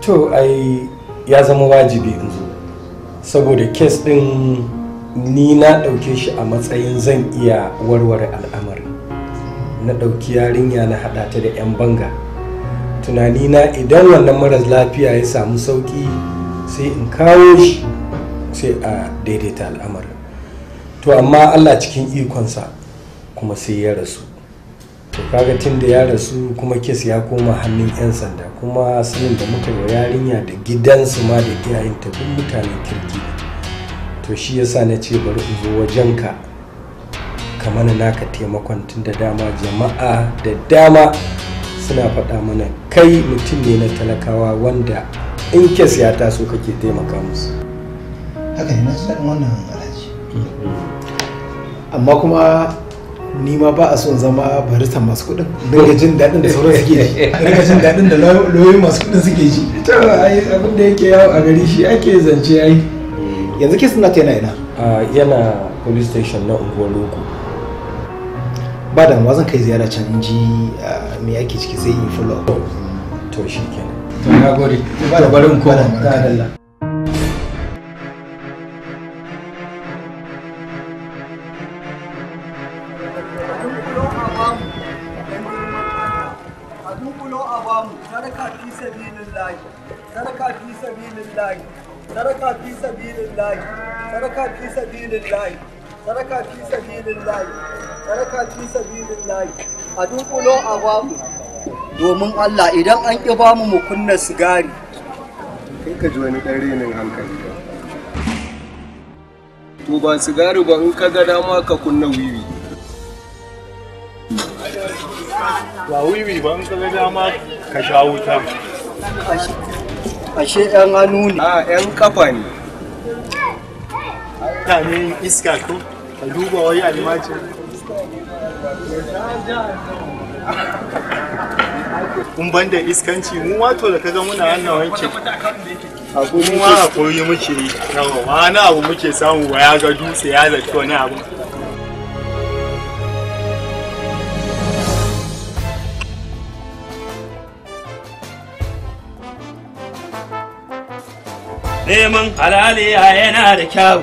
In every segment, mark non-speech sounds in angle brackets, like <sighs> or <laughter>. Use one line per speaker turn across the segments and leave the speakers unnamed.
to ai ya zama wajibi in zo saboda kes din ni na ɗauke shi a matsayin zan iya warware al'amari na ɗauki yarinya na haɗa ta da 'yan banga tunani na idan wannan maras lafiya ya samu sauƙi sai in kawo shi sai a daidaita al'amarin to amma allah cikin ikonsa kuma sai ya rasu to kaga tun da ya rasu kuma kes ya koma hannun 'yan sanda kuma sanin da muka yi yarinya da gidansu ma da ta duk mutanen kirki to shi yasa na ce bari in zo wajen ka mana naka taimakon tun da dama jama'a da dama suna faɗa mana kai mutum ne na talakawa wanda in kes ya taso kake taimaka musu haka ne na san wannan alhaji mm-hmm. amma kuma ni ma ba a son zama barista masu kuɗin ga jin daɗin da sauran suke ji ga jin daɗin da lauyoyi masu kuɗin suke ji to ai abin da yake yawo a gari shi ake zance ai
yanzu ke suna yana ina yana police station na unguwar loko ba damuwa zan kai ziyara can in ji me ake ciki sai in follow up to shi kenan to na gode ba da barin koma da Allah
sabilillahi sadaka fi sabilillahi sadaka fi sabilillahi sadaka fi sabilillahi a dunkulo a bamu domin Allah idan an ki bamu mu kunna sigari kai ka ji wani dan renin hankali
to ba sigari ba in ka ga dama ka kunna wiwi
ba wiwi ba in ka ga dama
ka sha wuta
ashe yan hannu ne a yan kafa ne Mutanen iska ko ka duba wai almaci
kun ban da iskanci mu wato da kaga muna wannan wanke abu mu ma a koyi muke yi
wani abu muke samu ba ya ga dutse ya zaci wani abu
neman halaliya yana da kyau.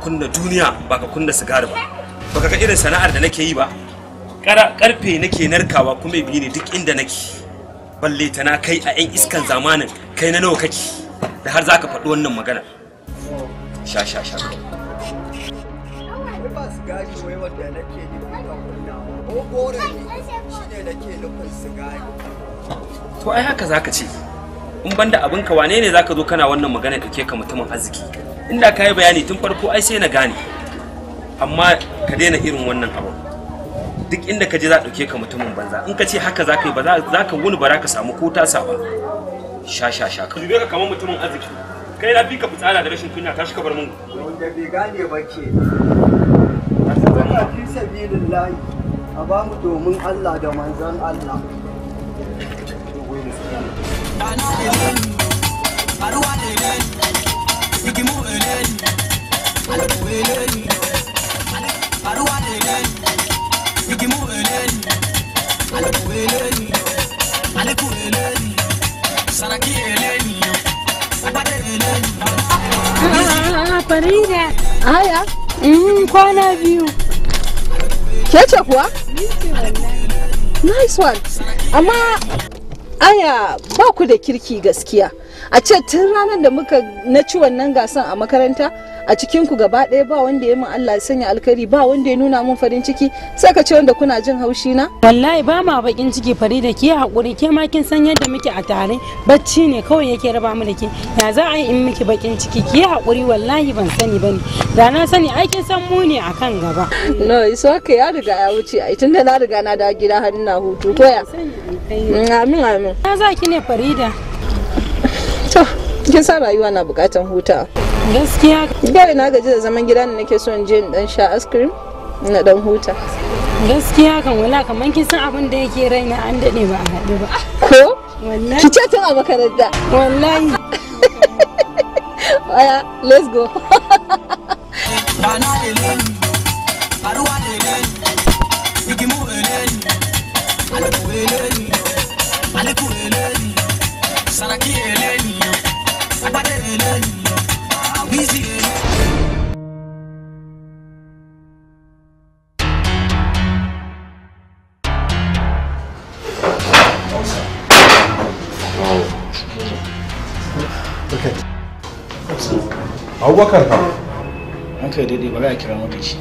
kunna duniya ba ka kunna sigari ba ba ka ga irin sana'ar da nake yi ba karfe nake narkawa kuma biyu ne duk inda nake balle ta na kai a 'yan iskan zamanin kai na nawa kake da har za ka faɗi wannan magana sha sha sha to ai haka zaka ce in banda abinka wane ne zaka zo kana wannan magana ɗauke ka mutumin arziki inda ka yi bayani tun farko ai sai na gane amma ka daina irin wannan abu duk inda ka je za ɗauke ka mutumin banza in ka ce haka za ka yi ba za ka wuni ba za ka samu ko tasa ba sha sha sha ka dube ka kamar mutumin arziki kai na bi ka fitsara da rashin kunya tashi ka bar mun wanda bai gane ba ke fi sabilillahi a ba mu domin Allah da manzon Allah Ana ilin, aruwa ilin, igimu àlùkò eléyìí àdúrà
eléyìí kwana biyu.
Ke ce kuwa? Nice one. Amma aya ba ku da kirki gaskiya. A ce tun ranar da muka na ci wannan gasan a makaranta a cikin ku gaba ɗaya ba wanda ya min Allah ya sanya alkhairi ba wanda ya nuna min farin ciki sai ka ce wanda kuna jin haushi na
wallahi ba ma bakin ciki Farida ke hakuri ke ma kin san yadda muke a tare bacci ne kawai yake raba mu da ke ya za a yi in miki bakin ciki ke hakuri wallahi ban sani bane da na sani ai kin san mu ne akan gaba
no iso ka ya riga ya wuce ai tunda na riga na da gida har ina hutu to ya
mm, amin amin na za ki ne Farida
to kin san rayuwa na bukatan hutawa. gaskiya gari na gaji da zaman gida ne nake so in je in dan sha ice cream
na dan huta gaskiya kan wala kaman kin san abin da yake raina an dade ba a ba ko wallahi ki ce tun a makaranta wallahi aya <laughs> let's go
Saraki eleni
abubakar ka an kai daidai ba za a kira maka shi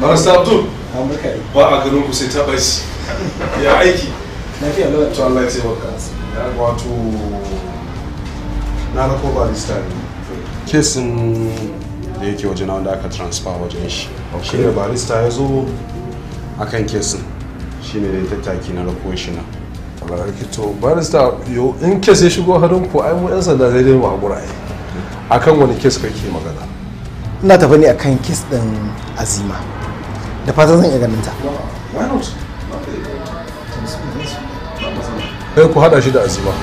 barista abdul ba a garin ku sai ta ɓaci ya aiki lafiya lafiya to Allah ya taimaka ya wato na rako barista ne
kesin da yake na wanda aka transfer wajen shi shi ne barista ya zo a kan kesin shi ne da tattaki na rako shi na to barista yo in kes ya shigo harin ku ai mu yan sanda zai dai mu hakura ai akan wani kes kake magana ina tafi ne akan kes din azima da fata zan iya ganin ta kai ku hada shi da azima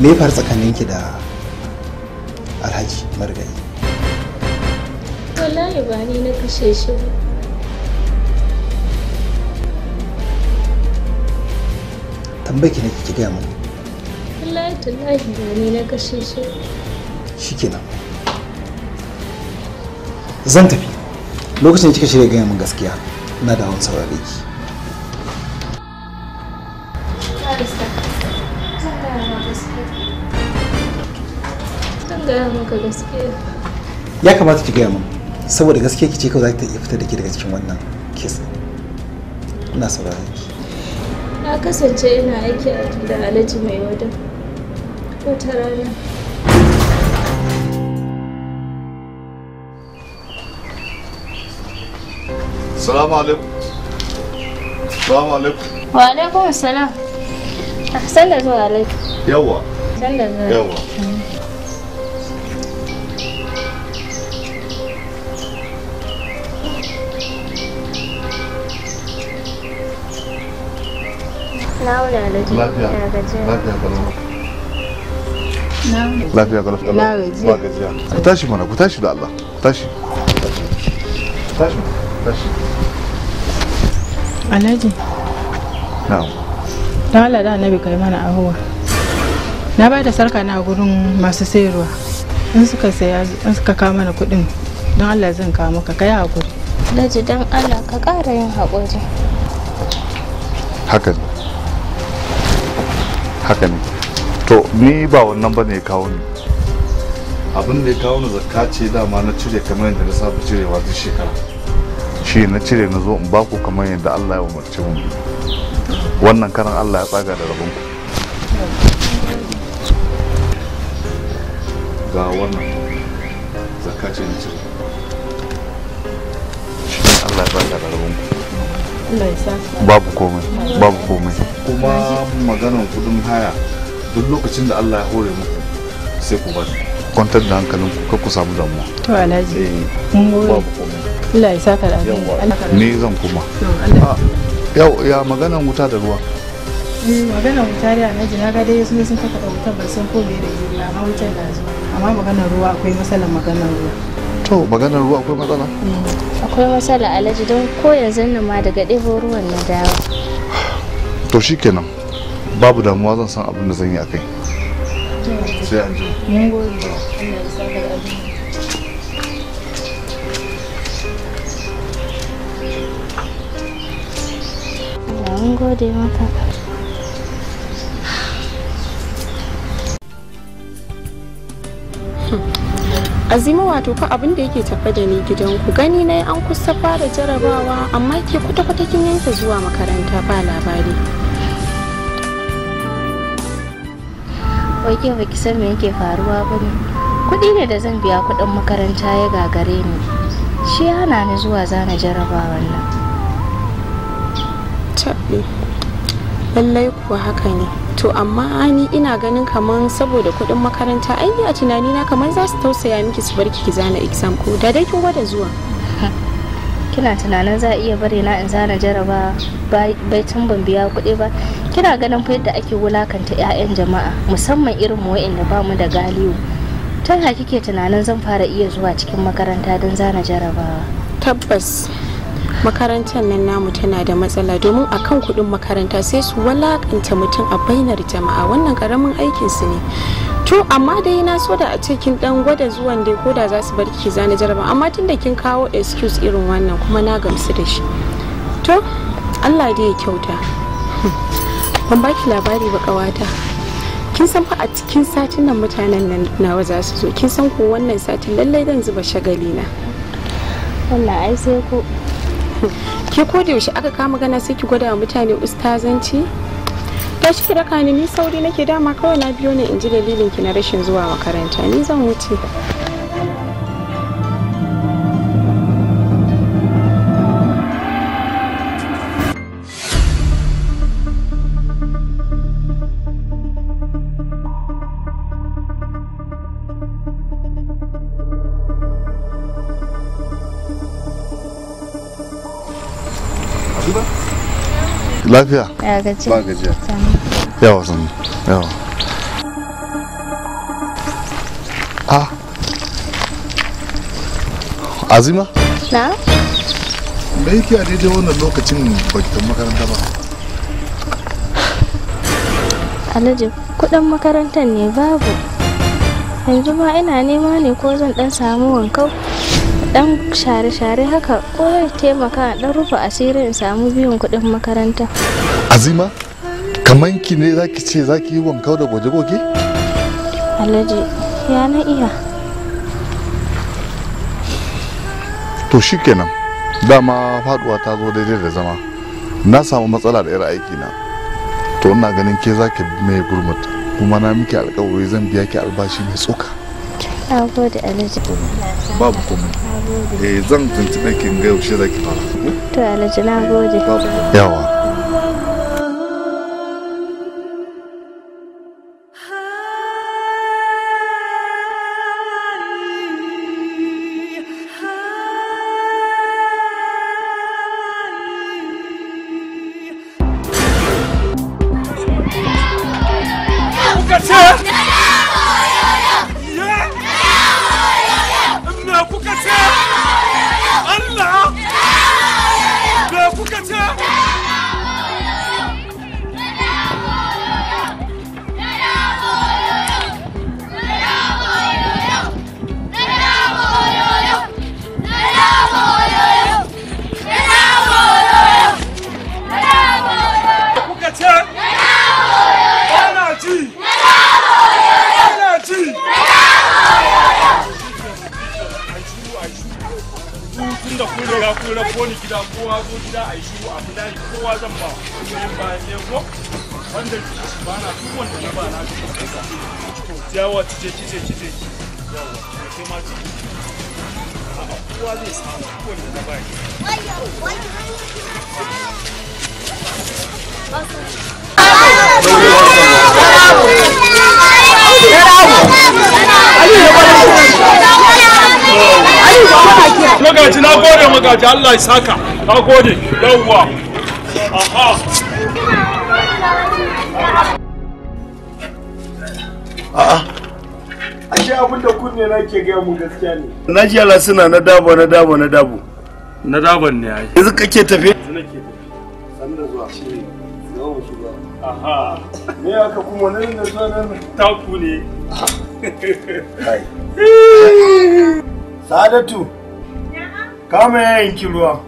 me ya faru ki da alhaji margari
wallahi ba ni na kashe shi
ba ki ne ki gaya mun
tallahi ba na kashe shi
shikenan zan tafi lokacin da kika shirya gaya min gaskiya na da hawan saurare ki ya kamata ki gaya min saboda gaskiya ki ce kawai za ta iya fita da ke daga cikin wannan kes ina saurare ki
na kasance ina aiki a da alhaji mai wadon To tarare.
Salamu alaikum. Salamu alaikum.
Wa alaikum salam. Ahsan da zuwa alaikum. Yawwa. Ahsan da zuwa. Yawwa.
Lafiya. Lafiya.
Lafiya. lafiya ga lafiya na gajiya ku tashi mana ku tashi da Allah ku tashi tashi tashi Alhaji na'am
dan Allah da annabi kai mana ahuwa na ba da sarka na gurin masu sayarwa in suka saya in suka kawo mana kuɗin don Allah zan kawo maka kai hakuri
Alhaji dan Allah ka ƙara yin hakuri
haka ne haka ne to ni ba wannan ba ne kawo ni abin da ya kawo ni zakka ce dama na cire kamar yadda na saba cirewa duk shekara shi na cire na zo in ba ku kamar yadda Allah ya umarci mu wannan karan Allah ya tsaga da rabon ku ga wannan zakka ce na cire shi Allah ya tsaga da rabon
ku babu komai babu
komai kuma maganar kudin haya duk lokacin da Allah ya hore muku sai ku bari kwantar da hankalin ku kar ku samu damuwa
to alhaji eh, Allah ya saka da ni
zan kuma ah, yau ya maganan wuta da ruwa
eh, maganar wuta da alhaji na maganar ruwa akwai matsalar
maganar to maganar ruwa akwai matsala mm.
akwai matsala alhaji don ko yanzu ma daga ɗebo ruwan na dawo
to shikenan babu damuwa zan san abin da zan yi a kai sai an ji
Mun gode hmm.
azima wato ka abin da yake tafe da ni gidanku gani na an kusa fara jarabawa amma ke kwata-kwata kin yanke zuwa makaranta ba labari
wai ke baki san me yake faruwa ba ne kuɗi ne da zan biya
kuɗin makaranta ya gagare ni shi yana ni zuwa zana jaraba wannan. tabbi lallai kuwa haka ne to
amma ni ina ganin kaman saboda kuɗin makaranta ai a tunanina kaman za su tausaya miki
su barki ki zana exam
ko da
dai kin gwada zuwa kina tunanin za a iya bare na in zana jaraba baitin ban biya kuɗi ba kina ganin fa yadda ake wulakanta 'ya'yan jama'a musamman irin mu wa'inda ba mu da galiyu tun ha kike tunanin zan
fara iya zuwa cikin makaranta don zana jarabawa tabbas makarantar nan namu tana da matsala domin a kan kuɗin makaranta sai su wulakanta mutum a bainar jama'a wannan ƙaramin aikinsu ne to amma dai na so da a cikin kin dan gwada zuwan dai ko da za su bar ki zana jaraba amma tun da kin kawo excuse irin wannan kuma na gamsu da shi to Allah dai ya kyauta <laughs> ban ba ki labari ba kawata kin san fa a cikin satin nan mutanen nan nawa za su zo kin san ko wannan satin lallai zan zuba shagali na
wallahi ai sai ko
<laughs> ke ko da yaushe aka kama gana sai ki gwada wa mutane ustazanci ya shi kira ka ni sauri nake dama kawai na biyo ne inji ji dalilin ki na rashin zuwa makaranta ni zan wuce
lafiya ya gaji Ya gaji yawa Ya. yawa a azima na da yake a daidai wannan lokacin bakitan makaranta ba
alhaji kudin makarantar ne babu yanzu ma ina nema ne ko zan dan samu wankau dan share-share haka ko ya taimaka dan rufe asiri in samu biyan kuɗin makaranta
azima kaman ki ne zaki ce zaki yi wanka da goje goge
alhaji ya na iya
to shikenan dama faduwa ta zo daidai da zama na samu matsala da 'yar aiki na to ina ganin ke zaki mai gurmata, kuma na miki alkawari zan biya ki albashi mai tsoka Na Babu komai. Eh zan tuntuɓe kin ga yaushe zaki fara.
To Alhaji
na gode.
Yawa.
a tun
da gida kowa zo gida
a shiru a fila ni kowa zan ba yin bayan ne ko wanda ba na duk
wanda na ba na shi yawa cije yawa kai ma ci kowa zai samu na
ba
to
na gode mu Allah ya saka na gode yawwa a'a ashe abin da kunne na ke
na ji ala na dabo na dabo na dabo na daban ne ai yanzu kake tafe tafe Sadatu. Kama yayin ruwa.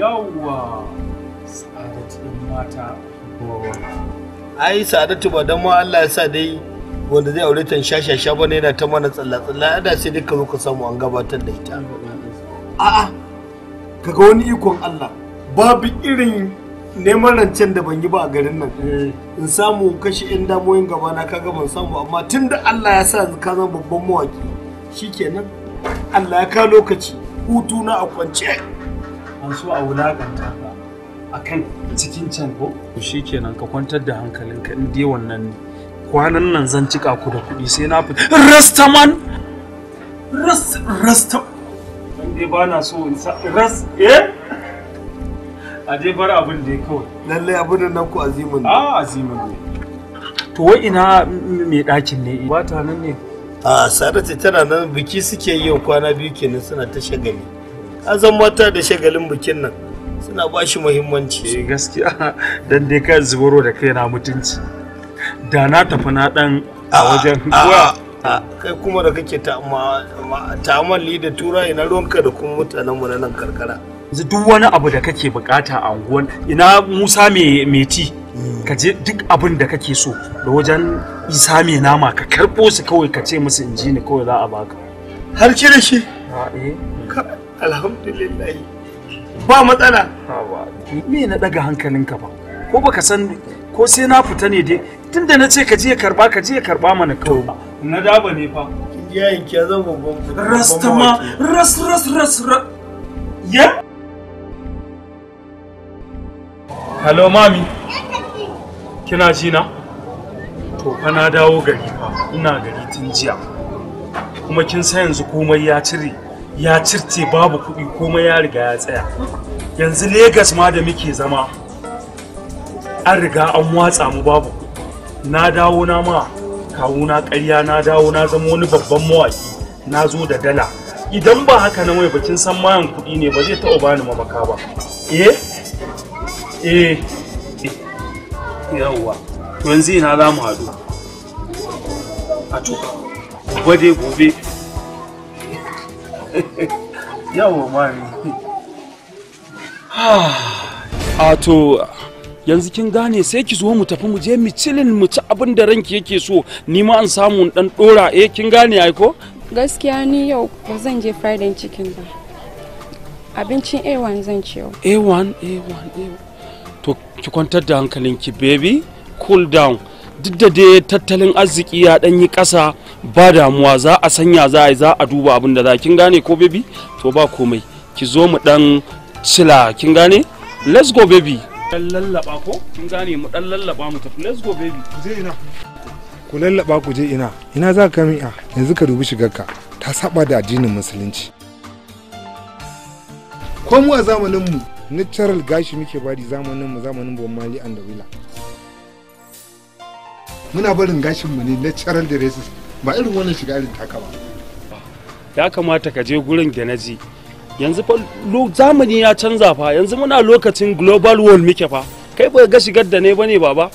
Yawwa! Sadatu mata.
Ai, Sa'adatu ba
don Allah ya sa
dai wanda zai aure ta shashasha ba ne yana ta mana tsalla-tsalla da sai dai ka zo ka samu an gabatar da ita a'a kaga wani ikon Allah babu irin neman rancen da ban yi ba a garin nan eh. in samu kashe yan damoyin gaba na kaga
ban samu amma tun da Allah ya sa ka zama babban mawaki shikenan Allah ya ka lokaci hutu na a kwance an so a wulakanta ka
akan cikin can ko shikenan ka kwantar da hankalinka in dai wannan ne kwanan nan zan cika ku da kuɗi sai na fita rasta man ras rasta dai ba na so in sa ras eh aje bar abin da ya kawai lallai abin nan ku azimin ne ah azimin ne to wai ina mai ɗakin ne ba ta nan ne a sarata tana nan biki suke yi kwana biyu kenan suna ta shagali azan mata da shagalin bikin nan suna ba shi muhimmanci eh, gaskiya dan dai ka zuburo da kai na mutunci da na tafi na dan a ah, wajen hikuwa ah,
ah, kai kuma da kake ta'amali da tura ina ruwanka da kuma mutanen mu na nan karkara
duk wani abu da kake bukata a unguwan ina musa mai ci hmm. ka je duk abin da kake so da wajen isa mai nama ka karbo su kawai ka ce musu inji ne kawai za a baka har ki da shi eh. alhamdulillah ba matsala me na daga hankalinka ba ko baka san ko sai na fita ne dai tunda na ce ka je karba ka je karba mana kawai na daba ne fa yayin ki zan babban rasta ma ras ras ras ya hello mami kina ji na to fa na dawo gari fa ina gari tun jiya kuma kin san yanzu komai ya cire ya circe babu kuɗi komai ya riga ya tsaya yanzu Legas ma da muke zama an riga an watsa mu babu na dawo na ma na ƙarya na dawo na zama wani babban mawaki na zo da dala idan ba haka na mai bakin san mayan kuɗi ne ba zai taɓa bani mamaka ba eh
eh yawwa yanzu ina za mu haɗu a tuka gwade gobe
<laughs> yawwa mami
<sighs> a to yanzu kin gane sai ki zo mu tafi mu je mu cilin mu ci abin da ranki yake so ni ma an samu dan dora eh kin gane ai ko
gaskiya ni yau ba zan je fried chicken ba abincin A1 zan ci yau
A1 A1 A1 to ki kwantar da hankalinki baby cool down duk da dai tattalin arziki ya dan yi kasa ba damuwa za a sanya za a yi za a duba abin da za kin gane ko baby to ba komai ki zo mu dan cila kin gane let's go baby
dan lallaba ko kin gane mu dan lallaba mu tafi let's go baby je ina ku lallaba ku je ina ina za ka mi'a yanzu ka dubi shigarka ta saba da addinin musulunci ko mu a zamanin mu natural gashi muke bari zamanin mu zamanin bon mali and wila muna barin gashin mu ne natural dresses ba irin wannan shiga irin taka ba ya kamata ka
je gurin ganaji yanzu fa zamani ya canza fa yanzu muna lokacin global world muke fa kai ba ga shigar da ne bane baba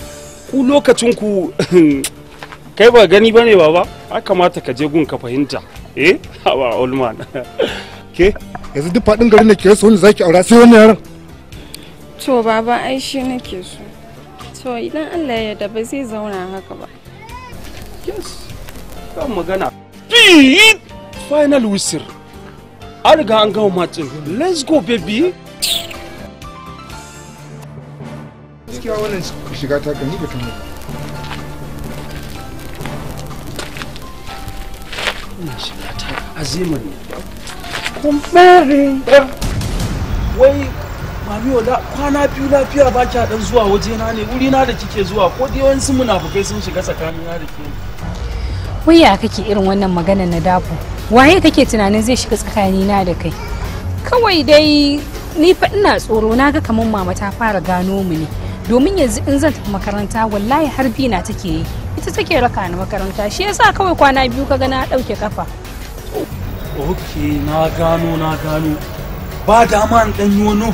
ku lokacin ku <laughs> kai ba gani bane baba a kamata ka je gun ka fahimta eh <laughs> hawa olman
<laughs> ke yanzu duk fadin garin da ke so ne zaki aura sai wannan yaran to baba
ai shi nake so to idan Allah ya yarda ba zai zauna haka ba yes
kan magana final whistle an riga an gama matsin let's go baby gaskiya wannan shiga ta gani ba ta wannan shiga ta azimar ne kumbere wai mami wala kwana biyu lafiya ba kya dan zuwa wajena ne wuri na da kike zuwa ko dai wani munafukai sun shiga tsakanina da ke
waya kake irin wannan magana na dafo waye kake tunanin zai shiga tsakanina da kai kawai dai ni fa ina tsoro na ga kamar mama ta fara gano mu ne domin yanzu in zan tafi makaranta wallahi har na take yi ita take raka ni makaranta shi yasa kawai kwana biyu ka gana dauke kafa
ok na gano na gano ba dama in dan yi wani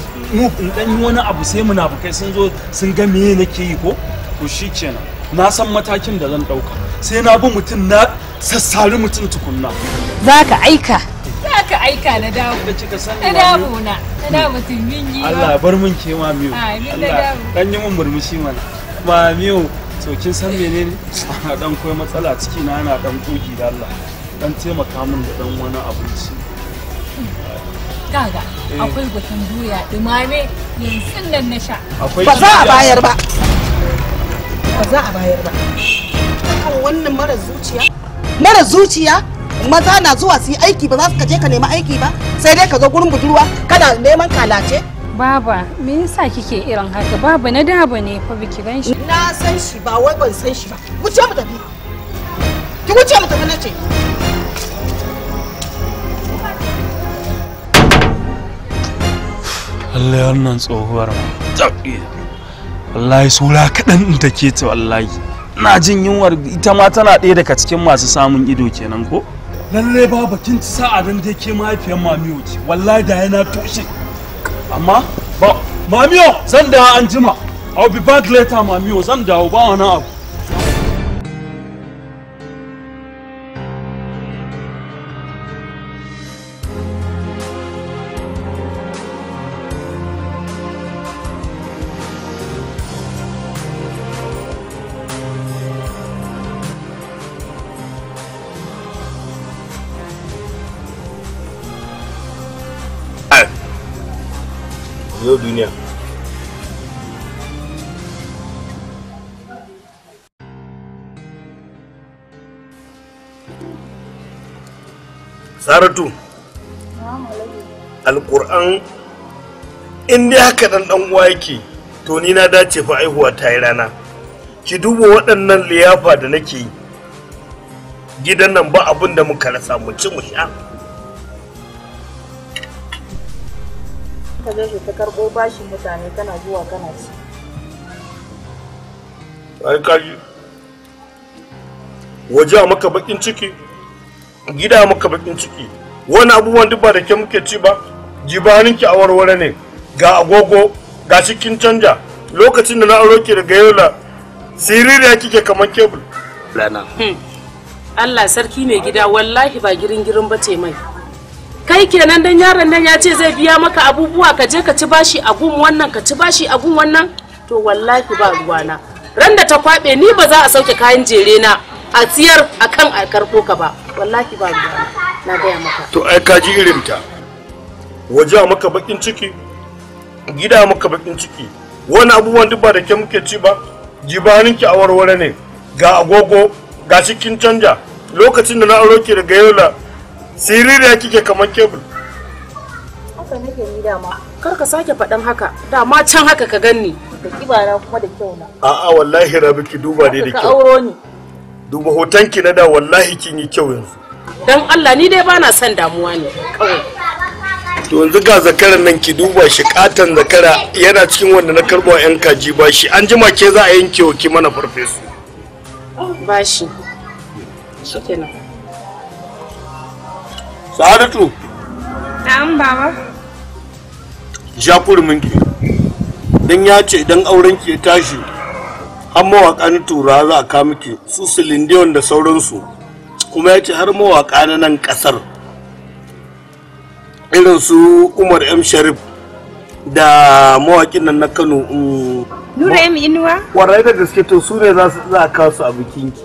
in dan yi wani abu sai munafukai sun zo sun ga me nake yi ko to shikenan na san matakin da zan dauka sai na bi mutum na sassari mutum tukunna za
ka aika za ka aika na damu. da kika sani na damu na na damu tun min yi Allah bar
mun ke ma miyo Allah dan yi mun murmushi mana ma miyo to kin san menene ana <laughs> dan koyi matsala ciki na ana dan kogi da Allah dan taimaka min da dan wani abinci
kaga eh. akwai gutun doya dumame yanzu nan na sha eh. ba za a bayar ba ba za a bayar ba
kan wannan mara zuciya mara zuciya maza na zuwa su yi aiki ba za su kaje ka nemi aiki
ba sai dai ka zo gurin budurwa kana neman kalace Baba, me yasa kike irin haka? Baba na daba ne fa biki ban shi. Na san shi ba wai ban san shi ba. Wuce mu tafi.
Ki wuce mu tafi nace. Allah wannan tsohuwar. Wallahi sura kaɗan take ta wallahi. ina jin yunwar ita ma tana ɗaya daga cikin masu samun ido kenan ko lalle ba bakin ci sa'a dan da yake mahaifiyar mamiyo ce wallahi da yana toshe amma ba mamiyo zan dawo an jima i'll be back later mamiyo zan dawo ba wani abu Yo saratu alƙur'an in dai haka ɗan ɗan uwa yake to ni na dace fa aihuwa ta yi rana ki duba waɗannan liyafa da nake yi gidan nan ba abin da muka rasa mu ci mu sha
ka je ta karɓo bashin mutane kana zuwa kana ci.
Ai kaji.
Waje maka bakin ciki, gida maka bakin ciki, wani abubuwan duk ba da ke muke ci ba, jibaninki a warware ne, ga agogo, ga cikin canja, lokacin da na aro ke daga yola, siririya kike kamar kebul. Hmm. Allah sarki mai gida wallahi ba girin girin ba ce mai. kai kenan dan yaron nan ya ce zai biya maka abubuwa ka je ka ci bashi a gun wannan ka ci bashi a gun wannan to wallahi ba ruwana ran da ta kwabe ni ba za a sauke kayan jere na a tsiyar akan a karko ka ba wallahi ba ruwana na gaya maka
to ai ka ji irin ta waje maka bakin ciki gida maka bakin ciki
wani abubuwan duk ba da ke muke ci ba jibaninki a warware ne ga agogo ga cikin canja lokacin da na aro ki daga yola ya kike kamar kebul haka nake ni dama kar ka sake faɗan haka dama can haka ka ganni da kibara kuma da kyau na
a'a wallahi rabi ki duba ne da kyau ka auro ni duba hotonki na da wallahi kin yi kyau yanzu
dan Allah ni dai bana son damuwa ne
to yanzu ga zakaran nan ki duba shi katan zakara yana cikin wanda na a yan kaji bashi an jima ke za a yanke wa ki mana farfesu
shi
shikenan Sa'adatu. Na'am baba.
Ja minki. Dan ya ce idan auren ki ya tashi har mawaka na turawa za a ka miki su silindiyon da sauransu kuma ya ce har mawaka na nan kasar irin su Umar M Sharif da mawakin nan na Kano mm, Nura M Inuwa? Warai da gaske to su ne za a kawo su a bikinki.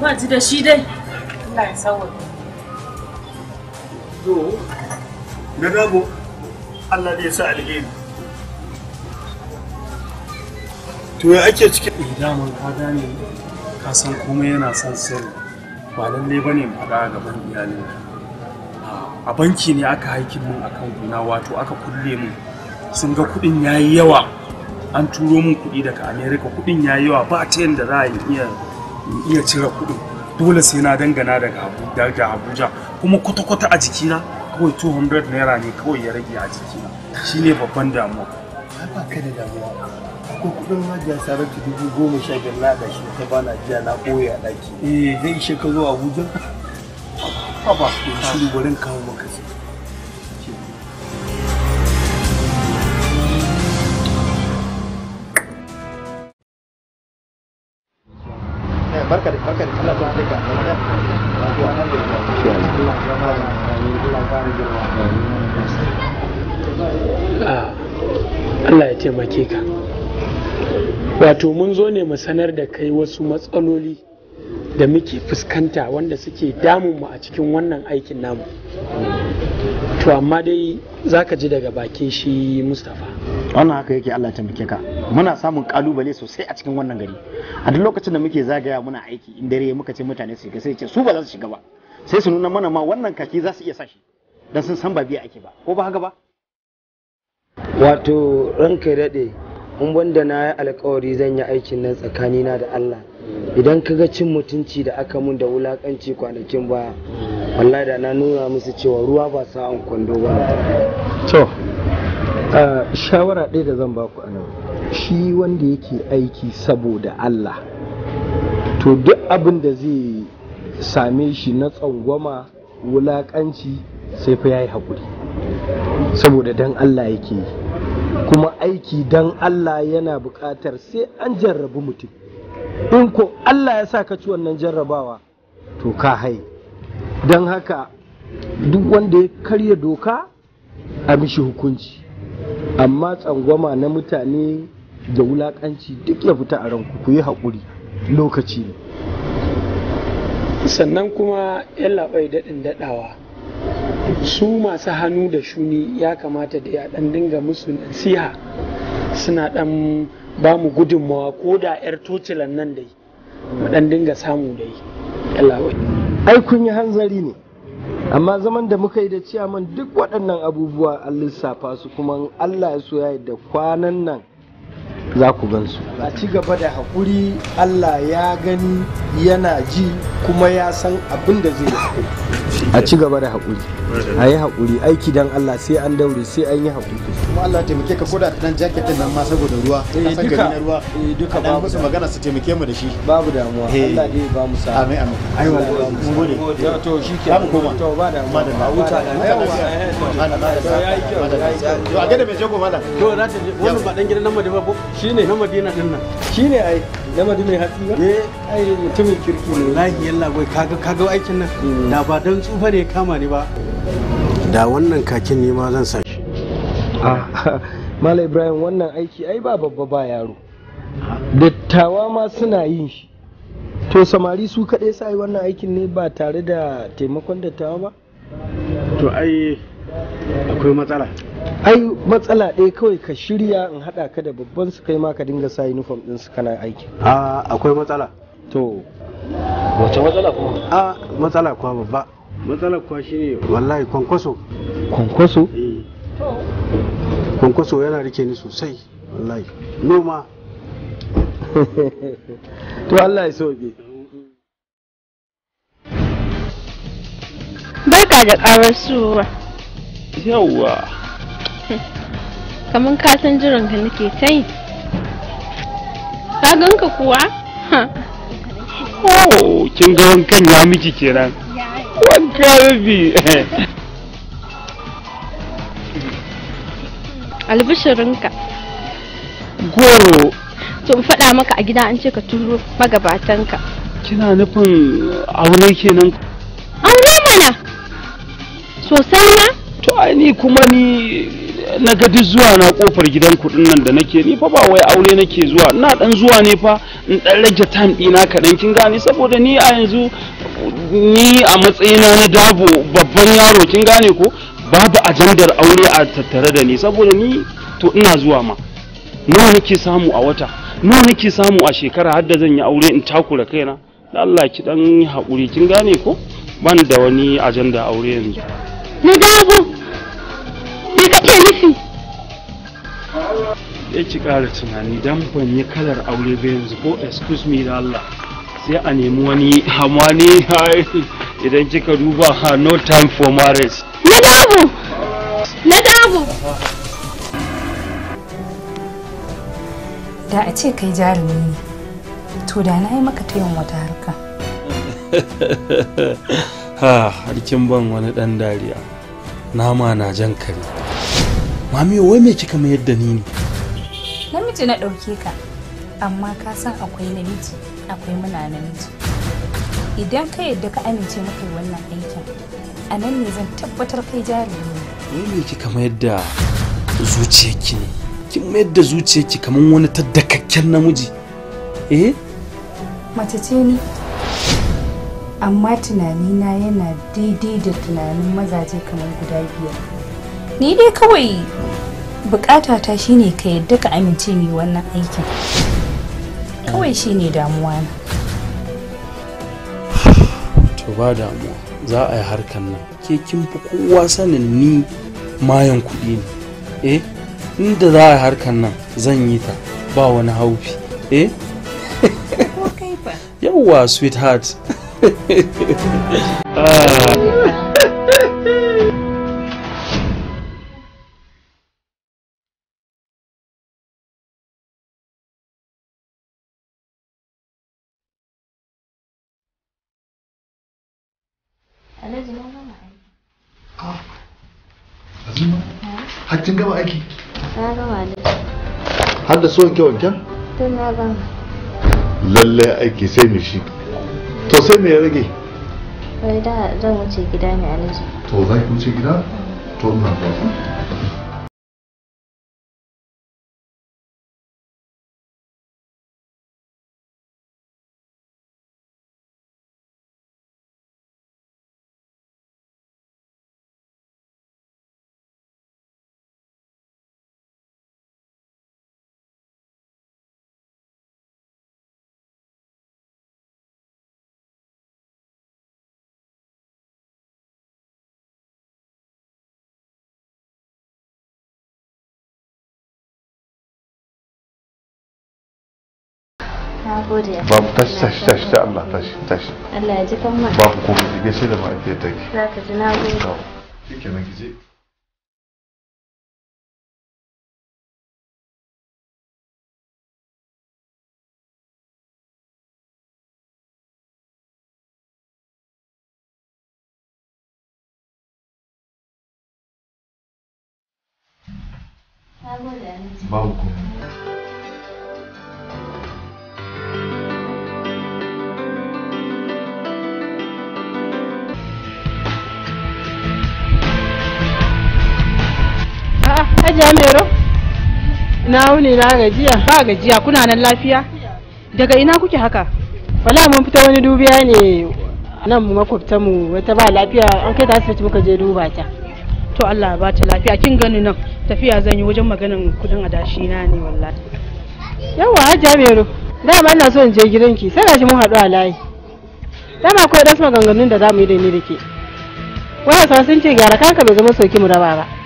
Ba ji da shi dai. Allah ya sauwaƙe.
To, na rago Allah zai sa alheri. To ya ake cikin idaman eh, ka gane ka san kuma yana son sirri ba lalle ba bane mu faɗa gaban iyalin a banki ne aka haikin mun akan guna wato aka kulle mun sun ga kuɗin yayi yawa an turo mun kuɗi daga america kuɗin yayi yawa ba ta yanda za a iya iya cire kuɗin dole sai na dangana daga abuja kuma kwata-kwata a jikina kawai 200 naira ne kawai ya rage a jikina shine babban damuwa
ba ka da damuwa
akwai kuɗin hajiya sarauta dubu goma sha biyar na gashi ta bana jiya na koya a ɗaki eh zai ishe ka zo abuja ba ba ku shiru barin kawo maka shi. taimake ka wato mun zo ne mu sanar da kai wasu matsaloli da muke fuskanta wanda suke damun mu a cikin wannan aikin namu to amma dai za ka ji daga bakin shi mustapha wannan haka yake allah taimake ka muna samun kalubale sosai a cikin wannan gari a duk lokacin da muke zagaya muna aiki in dare muka ce mutane su shiga sai ce su ba za su shiga ba sai su nuna mana ma wannan kaki za su iya sa shi don sun san ba biya ake ba ko ba haka ba wato ranka daɗe in wanda na yi alkawari zan yi aikin nan tsakanina da allah idan ka ga cin mutunci da aka mun da wulakanci kwanakin baya wallahi da na nuna musu cewa ruwa ba sa'an kwando ba to shawara ɗaya da zan baku a nan shi wanda yake aiki saboda allah to duk abin da zai same shi na tsangwama wulakanci sai fa yayi yi haƙuri saboda dan Allah yake yi kuma aiki dan Allah yana buƙatar sai an jarrabu mutum in ko Allah ya sa ka ci wannan jarrabawa to ka hai don haka duk wanda ya karya doka a mishi hukunci amma tsangwama na mutane da wulaƙanci duk ya fita a ranku ku yi haƙuri lokaci ne sannan kuma yalla daɗin daɗawa su masu hannu da shuni ya kamata da ya dan dinga musu nasiha suna dan ba mu gudunmawa ko da 'yar tocilan nan dai dan dinga samu dai ai kun yi hanzari ne amma zaman da muka yi da ciyaman duk waɗannan abubuwa an lissafa su kuma allah ya soya ya da kwanan nan za ku gansu a ci gaba da haƙuri allah ya gani yana ji kuma ya san abin da zai a ci gaba da haƙuri a yi haƙuri aiki don Allah sai an daure sai an yi haƙuri kuma Allah taimake ka koda ta nan jaketin nan ma saboda ruwa eh, kasa gari na ruwa eh, duka ba musu magana su taimake mu da shi babu damuwa eh. Allah dai ba mu sa amin amin ai wallahi mun gode to shike mu koma to ba da ma da ba huta da yawa to a gada mai jago mala to na ta wannan ba dan gidan nan madina ba shine na madina din nan shine ai da madina mai hatsi ba eh ai mutumin kirki ne wallahi yalla boy kaga kaga aikin nan hmm. da ba dan wannan tsufa ne kama ni ba da wannan kakin ne ma zan sa shi ah, <laughs> mala ibrahim wannan aiki ai ba babba ba yaro dattawa ma suna yin shi to samari su kaɗai sa yi wannan aikin ne ba tare da taimakon dattawa ba to ai akwai matsala ai matsala ɗaya kawai ka shirya in haɗa ka da babban su kai ma ka dinga sa uniform ɗin su kana aiki a ah, akwai matsala to wace
matsala
kuma a ah, matsala kuma babba matsalar kwa shine wallahi kwankwaso kwankwaso eh. kwankwaso yana rike ni sosai wallahi
noma <laughs> to Allah ya soke
barka da karar suwa yawwa <laughs> kamar ka san jiran ka nake ta yi ka ganka kuwa <laughs>
oh kin ga wankan ya miki kenan karbi
albishirinka
goro to faɗa maka a gida an ce ka turo magabatanka kina nufin aure kenan aure mana sosai ma to ai ni kuma ni na ga duk zuwa na kofar gidan kuɗin nan da nake ni fa ba wai aure nake zuwa na dan zuwa ne fa in dan rage time ɗina kaɗan kin gane saboda ni a yanzu ni a matsayina na dabo babban yaro kin gane ko babu ajandar aure a tattare da ni saboda ni to ina zuwa ma nawa nake samu a wata nawa nake samu a shekara har da zan yi aure in takura kaina da Allah ki dan haƙuri kin gane ko ban da wani ajandar aure yanzu na dabo nufi ya ki ƙara tunani don ban yi kalar aure ba yanzu ko excuse me da Allah sai a nemi wani hamani idan kika duba ha no time for marriage na dabu
na dabu da a ce kai jarumi ne to da na yi maka tuyon wata harka
<laughs> ha harkin ban wani dan dariya nama na jan kare mami wai me kika mayar da ni ne
namiji na ɗauke ka amma ka san akwai namiji akwai muna namiji idan ka yadda ka amince maka wannan aikin a nan ne zan tabbatar kai jarumi
wai me kika mayar da zuciyarki ne kin mayar da zuciyarki kamar wani taddakakken namiji eh
mace ce ni amma tunanina yana daidai da tunanin mazaje kamar guda biyar ni dai kawai bukata ta shine ka yadda ka amince ni wannan aikin kawai shine damuwa na
to ba damuwa za a yi harkan nan ke kin fi kowa sanin ni mayan kuɗi ne eh inda za a yi harkan nan zan yi ta ba wani haufi eh yawwa sweetheart <laughs> ah.
aiki?
Na gama da
Har da su wanke wanken? na gama. Lalle aiki sai mai shi. To sai mai rage? Wai da zan wuce gida ne a To zai wuce gida?
To na ba. babu tashi tashi tashi ta Allah tashi
tashi Allah ya ji kan ma babu ko ki da ma'aikata take zaka ji na
gode
Babu kuma.
Hajiya Mero? Na wuni na gajiya. Ba gajiya kuna nan lafiya? Daga ina kuke haka? Wala mun fita wani dubiya ne nan mu makwabtan mu wata ba lafiya an kai ta asibiti muka je duba ta. To Allah ba ta lafiya kin gani nan tafiya zan yi wajen maganin kudin adashi na ne wallahi. Yawa Hajiya da Dama ina so in je gidanki sai gashi mun haɗu a layi. Dama akwai ɗansu maganganun da za mu yi da ni da ke. Wani sun ce gyara kanka bai zama soki mu raba ba.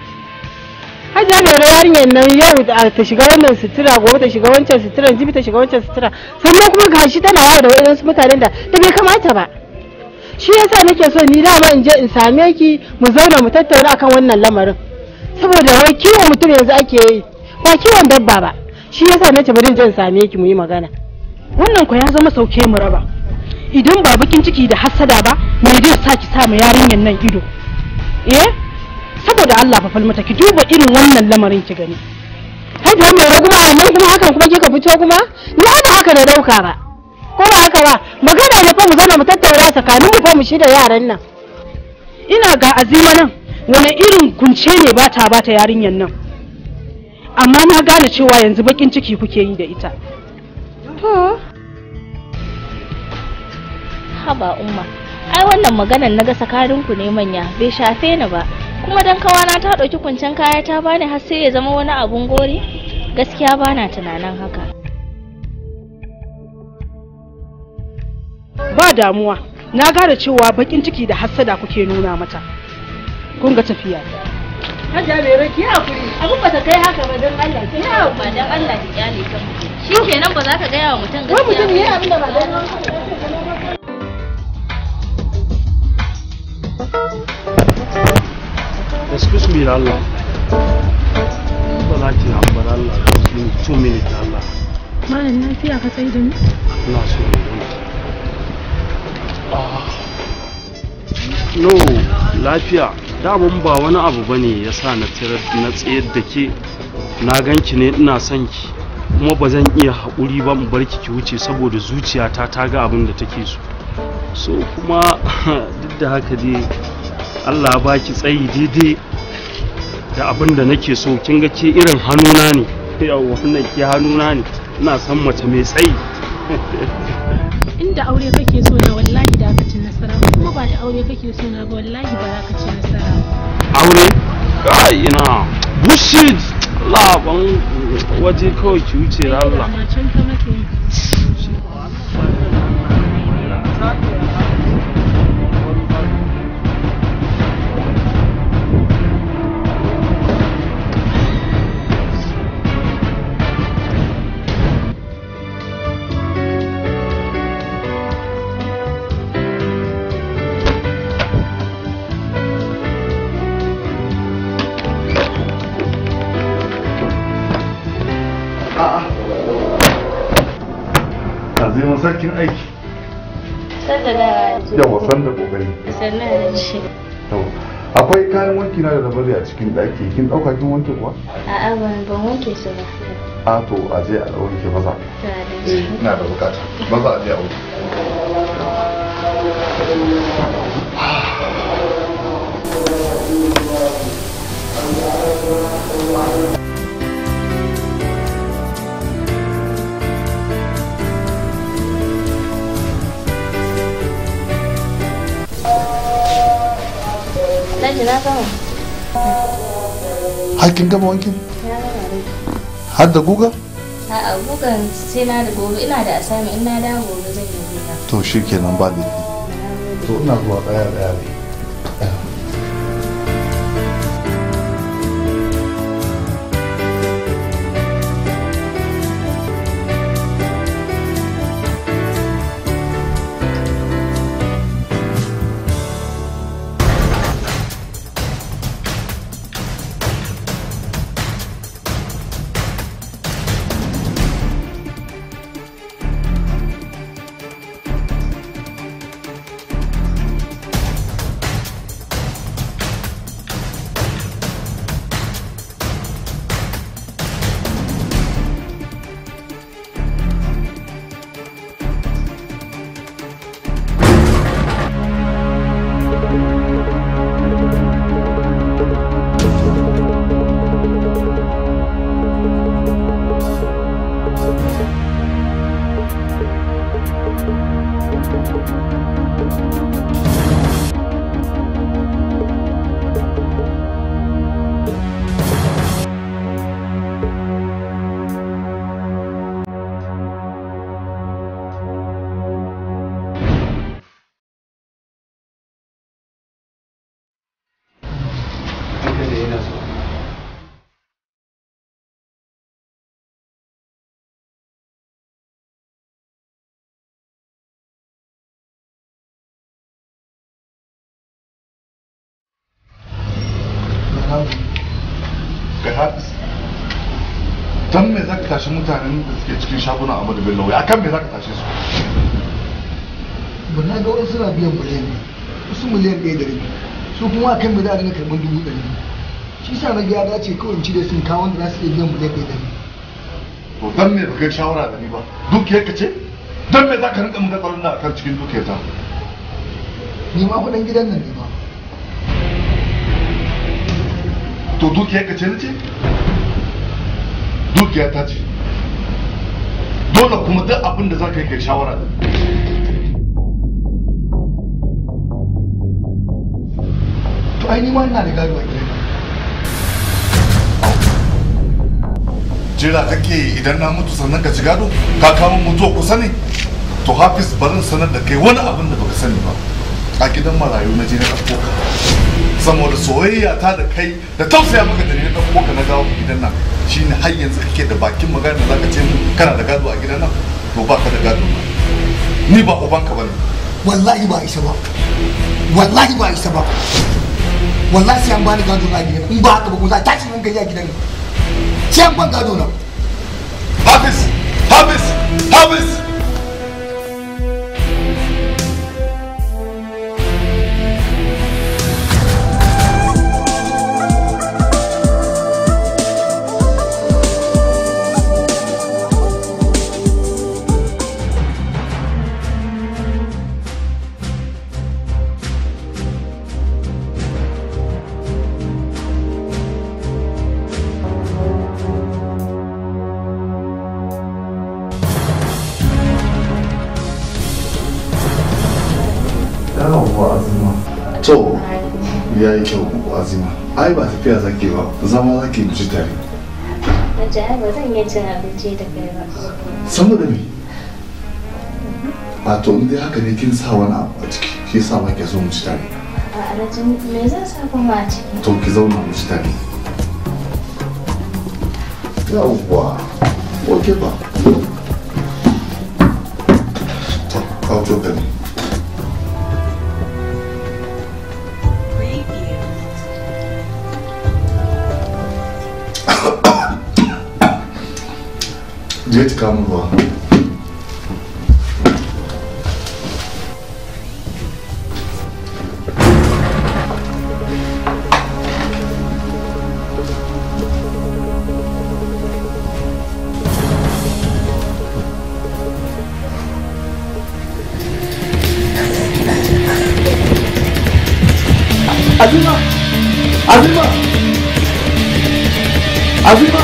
hajja ne da yarinyar nan yau ta shiga wannan sutura gobe ta shiga wancan sutura jibi ta shiga wancan sutura sannan kuma gashi tana yawo da waɗansu mutanen da ta bai kamata ba shi yasa nake so ni dama in je in same ki mu zauna mu tattauna akan wannan lamarin saboda wai kiwon mutum yanzu ake yi ba kiwon dabba ba shi yasa nace bari in je in same ki mu yi magana wannan ko ya zama sauke mu raba idan ba bakin ciki da hasada ba me zai sa ki sa mu yarinyar nan ido eh saboda Allah fa falmata ki duba irin wannan lamarin ki gani hajiya mai raguma. Amma kuma hakan kuma kika fito kuma ni ana haka na dauka ba ko ba haka ba magana ne fa mu zauna mu tattauna tsakanin mu fa mu shi da yaran nan ina ga azima nan wani irin kunce ne ba ta bata yarinyar nan amma na gane cewa yanzu bakin ciki kuke yi da
ita to haba umma ai wannan maganan na ga sakarinku ne manya bai shafe ni ba kuma dan kawana ta ɗauki kwancen kaya ta bani har sai ya zama wani abun gori gaskiya bana tunanin haka ba damuwa
na gada cewa bakin ciki da hassada kuke nuna mata kun ga tafiya
hajja mai raki ya kuri abin ba ta kai haka ba don Allah ki yawo ba don Allah ki kyale ta shi kenan ba za ka gaya wa mutum gaskiya ba mutum yayi abin da ba dan
excuse lafiya ka da
ni
ah. no lafiya damun ba wani abu bane ya sa na tsayar da ke na ganki ne ina son ki kuma ba zan iya haƙuri ba mu bar ki ki wuce saboda zuciyata ta ga abin da take so so kuma duk da haka dai allah ba ki tsayi daidai da abin da nake so kin ga ce irin hannuna ne yawa wannan ke hannuna ne ina son mace mai tsayi inda aure kake so na wallahi da aka ci nasara kuma ba da aure kake so na ba wallahi ba aka ci nasara aure kai ina bullshit laban waje kawai ki wuce Allah
Fazer
ah. tá uns aqui. Né?
sanda da
sanda kokari
sanda da ci akwai kayan wanki na da na a cikin daki kin ɗauka kin wanke kuwa
a'a ban wanke su ba
a to a je a wanke maza eh, na da bukata maza a je a wanke Thank you.
Daji na gama.
Hakin gama wankin? Har da guga?
a guga sai na da gobe ina da asami ina da gobe zan yi guga.
To shi kenan ba da To ina zuwa tsaya tsaya ne. tashi mutanen da suke cikin shaguna a madubin lauya akan me za ka tashe
su ba na ga wani suna biyan miliyan ne su miliyan ɗaya da rabi su kuma a kan me za a dinga karɓar dubu ɗari shi sa na ga dace kawai ci cire sun kawo da za su iya biyan miliyan ɗaya da rabi
to dan me ba kai shawara da ni ba dukiyar ka ce dan me za ka rinka muka tsarin na kan cikin dukiyar ta
ni ma kuɗin gidan nan ne ba to dukiyar ka ce ni ce
dukiya ta ce dole kuma duk abin da za ka yi kai shawara
to ai ni ma ina da gado a gidan
jira kake idan na mutu sannan ka ci gado ka kama mutuwa kusa ne to hafiz barin sanar da kai wani abin da baka sani ba a gidan marayu na jini na ɗauko saboda soyayya ta da kai da tausaya maka da ni na ɗauko ka na gawo gidan nan shine har yanzu kake da bakin magana da zaka ce kana da gado a gidan nan to baka da gado ni ba ubanka bane
wallahi ba isa ba wallahi ba isa ba wallahi sai an bani gado na gidan in ba haka ba ko za ta ci mun gari a gidan nan sai an ban gado na Hafiz Hafiz Hafiz
azima ai ba tafiya zaki ba zama zaki mu tare da Saboda me? A to haka ne kin sa wani abu a ciki shi ba ke so me zan
a ciki?
To ki zauna mu ci Yawwa, ko ke ba? Дядька мла.
Azima! Azima! Azima!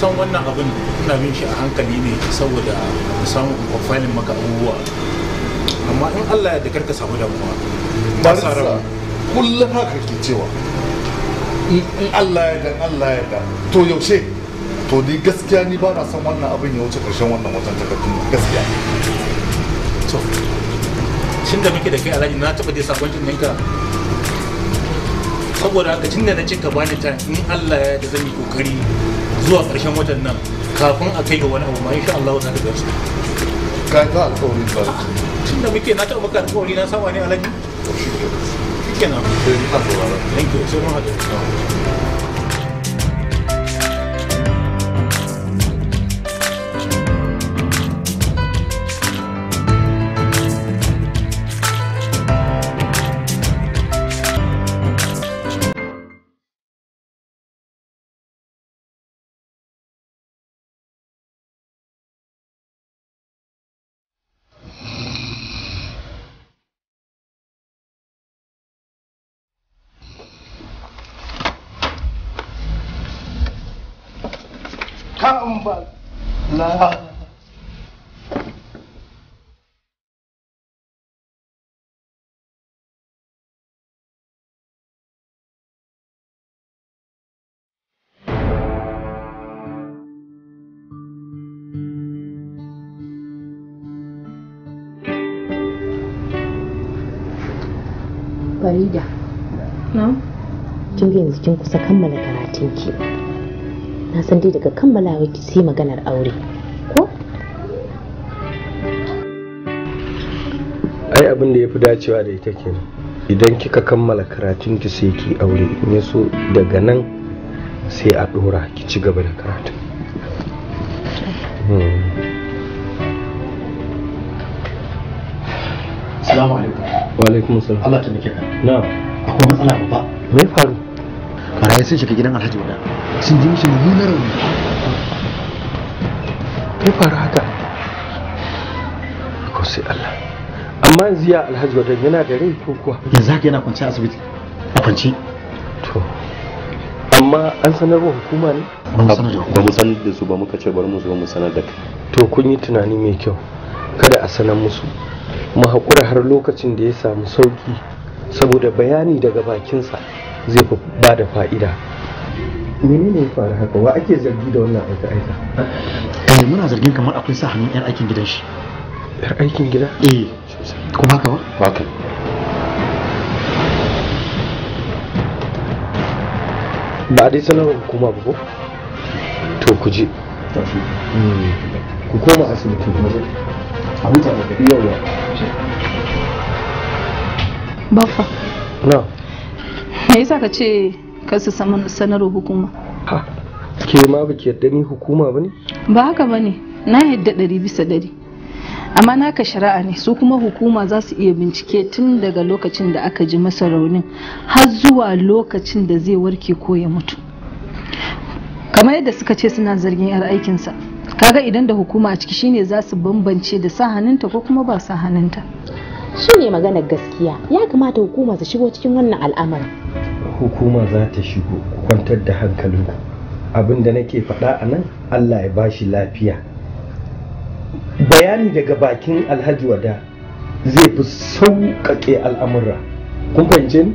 san wannan abin
ina bin shi a hankali ne saboda samun kwafailin maka abubuwa
amma in allah ya karka samu damuwa ba sa rabu
kullum haka ke cewa in allah ya dan allah ya dan to yaushe to ni gaskiya ni ba na san wannan abin ya wuce karshen wannan watan takardun gaskiya to shin da muke da kai alhaji na taba dai sakon ninka
saboda haka tun da na ce ka bani ta in Allah ya yarda zan yi kokari zuwa ƙarshen watan nan kafin a kai ga wani abu ma insha Allah zan ga su kai ka alƙawarin ba
tun da
muke na taɓa maka alƙawari na sama ne alaji kike na kike na thank you so much
come back.
La.
Farida. Na? Kin yanzu kin kusa kammala karatun ki. na san dai daga kammala ki sai maganar aure ko
ai abin da ya fi dacewa da ita kenan
idan kika kammala karatun ki sai ki aure in ya so daga nan sai a dora ki ci gaba da karatun
Assalamu hmm. alaikum. Wa alaikum assalam. Allah ta nake ka. Na'am. Akwai
matsala ba. Me faru? makamai sun shiga gidan alhaji wada sun ji mishi mummunar rauni ya faru haka
ko sai allah
amma yanzu ya alhaji wada yana da rai ko kuwa yanzu haka yana kwanci asibiti a kwanci to amma an sanar wa hukuma ne ba mu sanar da su ba muka ce
bari mu zo mu sanar da kai to
kun yi tunani mai kyau kada a sanar musu mu haƙura har lokacin da ya samu sauki saboda bayani daga bakinsa zai fi ba da fa'ida menene ya faru haka wa ake zargi da wannan aika aika eh muna zargin kamar akwai sa hannun yan aikin gidan shi yan aikin gida eh kuma haka ba haka ba dai sanarwa hukuma ba ko to ku je
ku koma asibiti maza a huta da Ba fa. na
me yasa ka ce ka su sanar hukuma
ha ke ma ba ki yarda ni hukuma ba ne ba haka ba ne na yadda ɗari bisa ɗari amma naka shari'a ne su kuma hukuma
za su iya bincike tun daga lokacin da aka ji masa raunin har zuwa lokacin da zai warke ko ya mutu kamar yadda suka ce suna zargin yar aikinsa kaga idan da hukuma a ciki shine za su bambance da sa hannunta ko kuma ba hannunta shine maganar gaskiya ya kamata hukuma su shigo cikin wannan al'amarin
hukuma
za ta shigo ku kwantar da hankalinku abin da nake faɗa a nan allah ya bashi lafiya bayani daga bakin alhaji wada
zai fi sauƙaƙe al'amura kun fahimce ni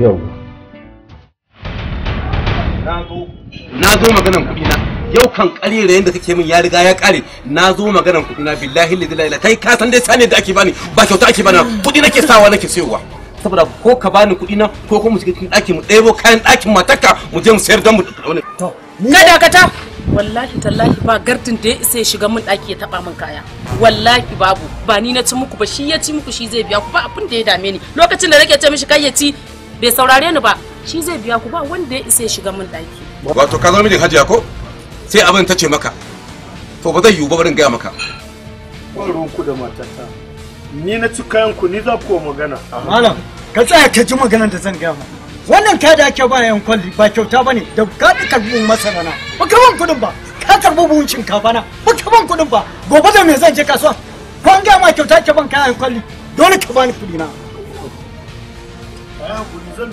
yau
na zo maganan kuɗi na yau kan da yadda kake min ya riga ya ƙare na zo maganan kuɗi na billahi lillahi kai ka san dai sani da ake bani ba kyauta ake bani kuɗi nake sawa nake sayowa saboda ko ka bani kuɗi na ko kuma mu shiga cikin mu ɗebo kayan ɗakin matarka mu je mu sayar da mu to kada ka ta wallahi tallahi ba gardin da ya isa ya shiga min ɗaki ya taɓa min kaya wallahi babu ba ni na ci muku ba shi ya ci muku shi zai biya ku ba abin da ya dame ni lokacin da nake ce mishi kai ya ci bai saurare ni ba shi zai biya ku ba wanda ya isa ya shiga min ɗaki
wato ka zama mijin hajiya ko sai abin ta ce maka to ba zai yiwu ba barin gaya maka
ba ruwan ku da matata ni na ci kayan ku ni za ku
magana malam
ka tsaya ka ji maganar da zan gama wannan ka da ake ba kwalli ba kyauta bane da ka da karbi masara na ba ka ban kuɗin ba ka karbi buhun shinkafa na ba ka ban kuɗin ba gobe da me zan je kasuwa ko an gama kyauta ke ban kayan kwalli dole ka bani kuɗi na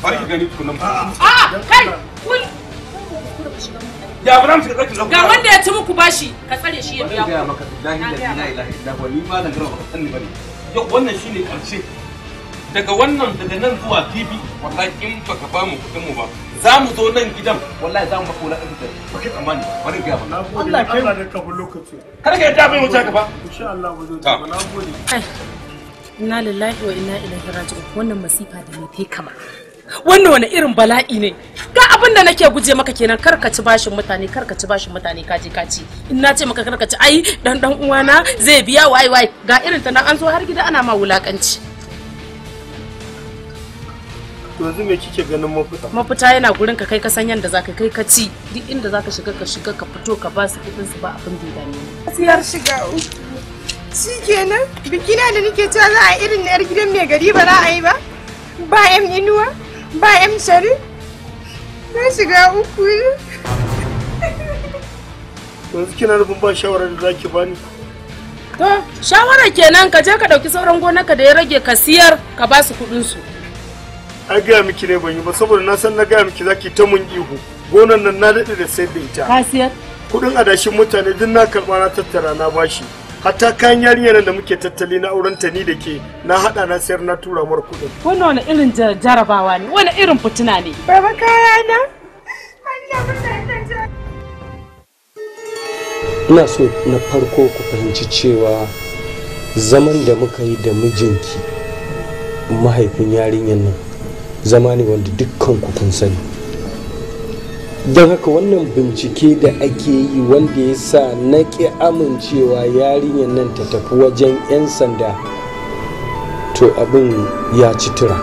bari ki gani tukunan ba a kai kun
ya ba mu shiga tsakin ga wanda ya ci muku bashi ka tsare shi ya biya ku ga maka billahi la ilaha illa huwa ni ma lan garba ka tsanni bane yau wannan ne karshe daga wannan daga nan zuwa TV wallahi in baka ba mu mu ba za mu zo nan gidan wallahi za mu maka wala ɗin da baka tsammani bari ga ba Allah kai Allah
da ka bu lokaci kar ka yadda bai wuce ka ba insha Allah mu zo
ta na gode kai inna lillahi wa inna ilaihi raji'un wannan masifa da ne kai kama wannan wani irin bala'i ne ga abin da nake guje maka kenan karkaci bashin mutane karkaci bashin mutane kaji kaci in na ce maka karkaci ai dan dan uwana zai biya wai wai ga irin ta nan an zo har gida ana ma wulakanci
to yanzu me kike ganin mafuta
mafuta yana gurin ka kai ka san yanda zaka kai ka ci duk inda zaka shiga ka shiga ka fito ka ba su kudin su ba abin da ya dame
ni siyar shiga biki na da nake cewa za a irin na yar gidan mai gari ba za a yi ba bayan inuwa ba yan shari na shiga uku
yanzu kina nufin ba shawarar da zaki ni.
to
shawara nan, ka je ka dauki sauran gonarka da ya rage ka siyar ka ba su kudin su a gaya miki ne ban yi ba saboda na san na gaya miki zaki ta mun ihu gonan nan na daɗe da sayar da ita ka siyar kudin adashin
mutane duk na karɓa na tattara na bashi hatta kayan yarinyar da muke tattali na auren ta ni da ke na hada na sayar na tura mar kudi
Wani wani irin jarabawa ne, wani irin fitina ne. Baba kaya na? Ina so na farko ku fahimci cewa zaman da muka yi da mijinki mahaifin yarinyar nan zama ne wanda dukkan ku kun sani. don haka wannan bincike da ake yi wanda ya sa na ƙi amincewa yarinyar nan ta tafi wajen 'yan sanda to abin ya ci tura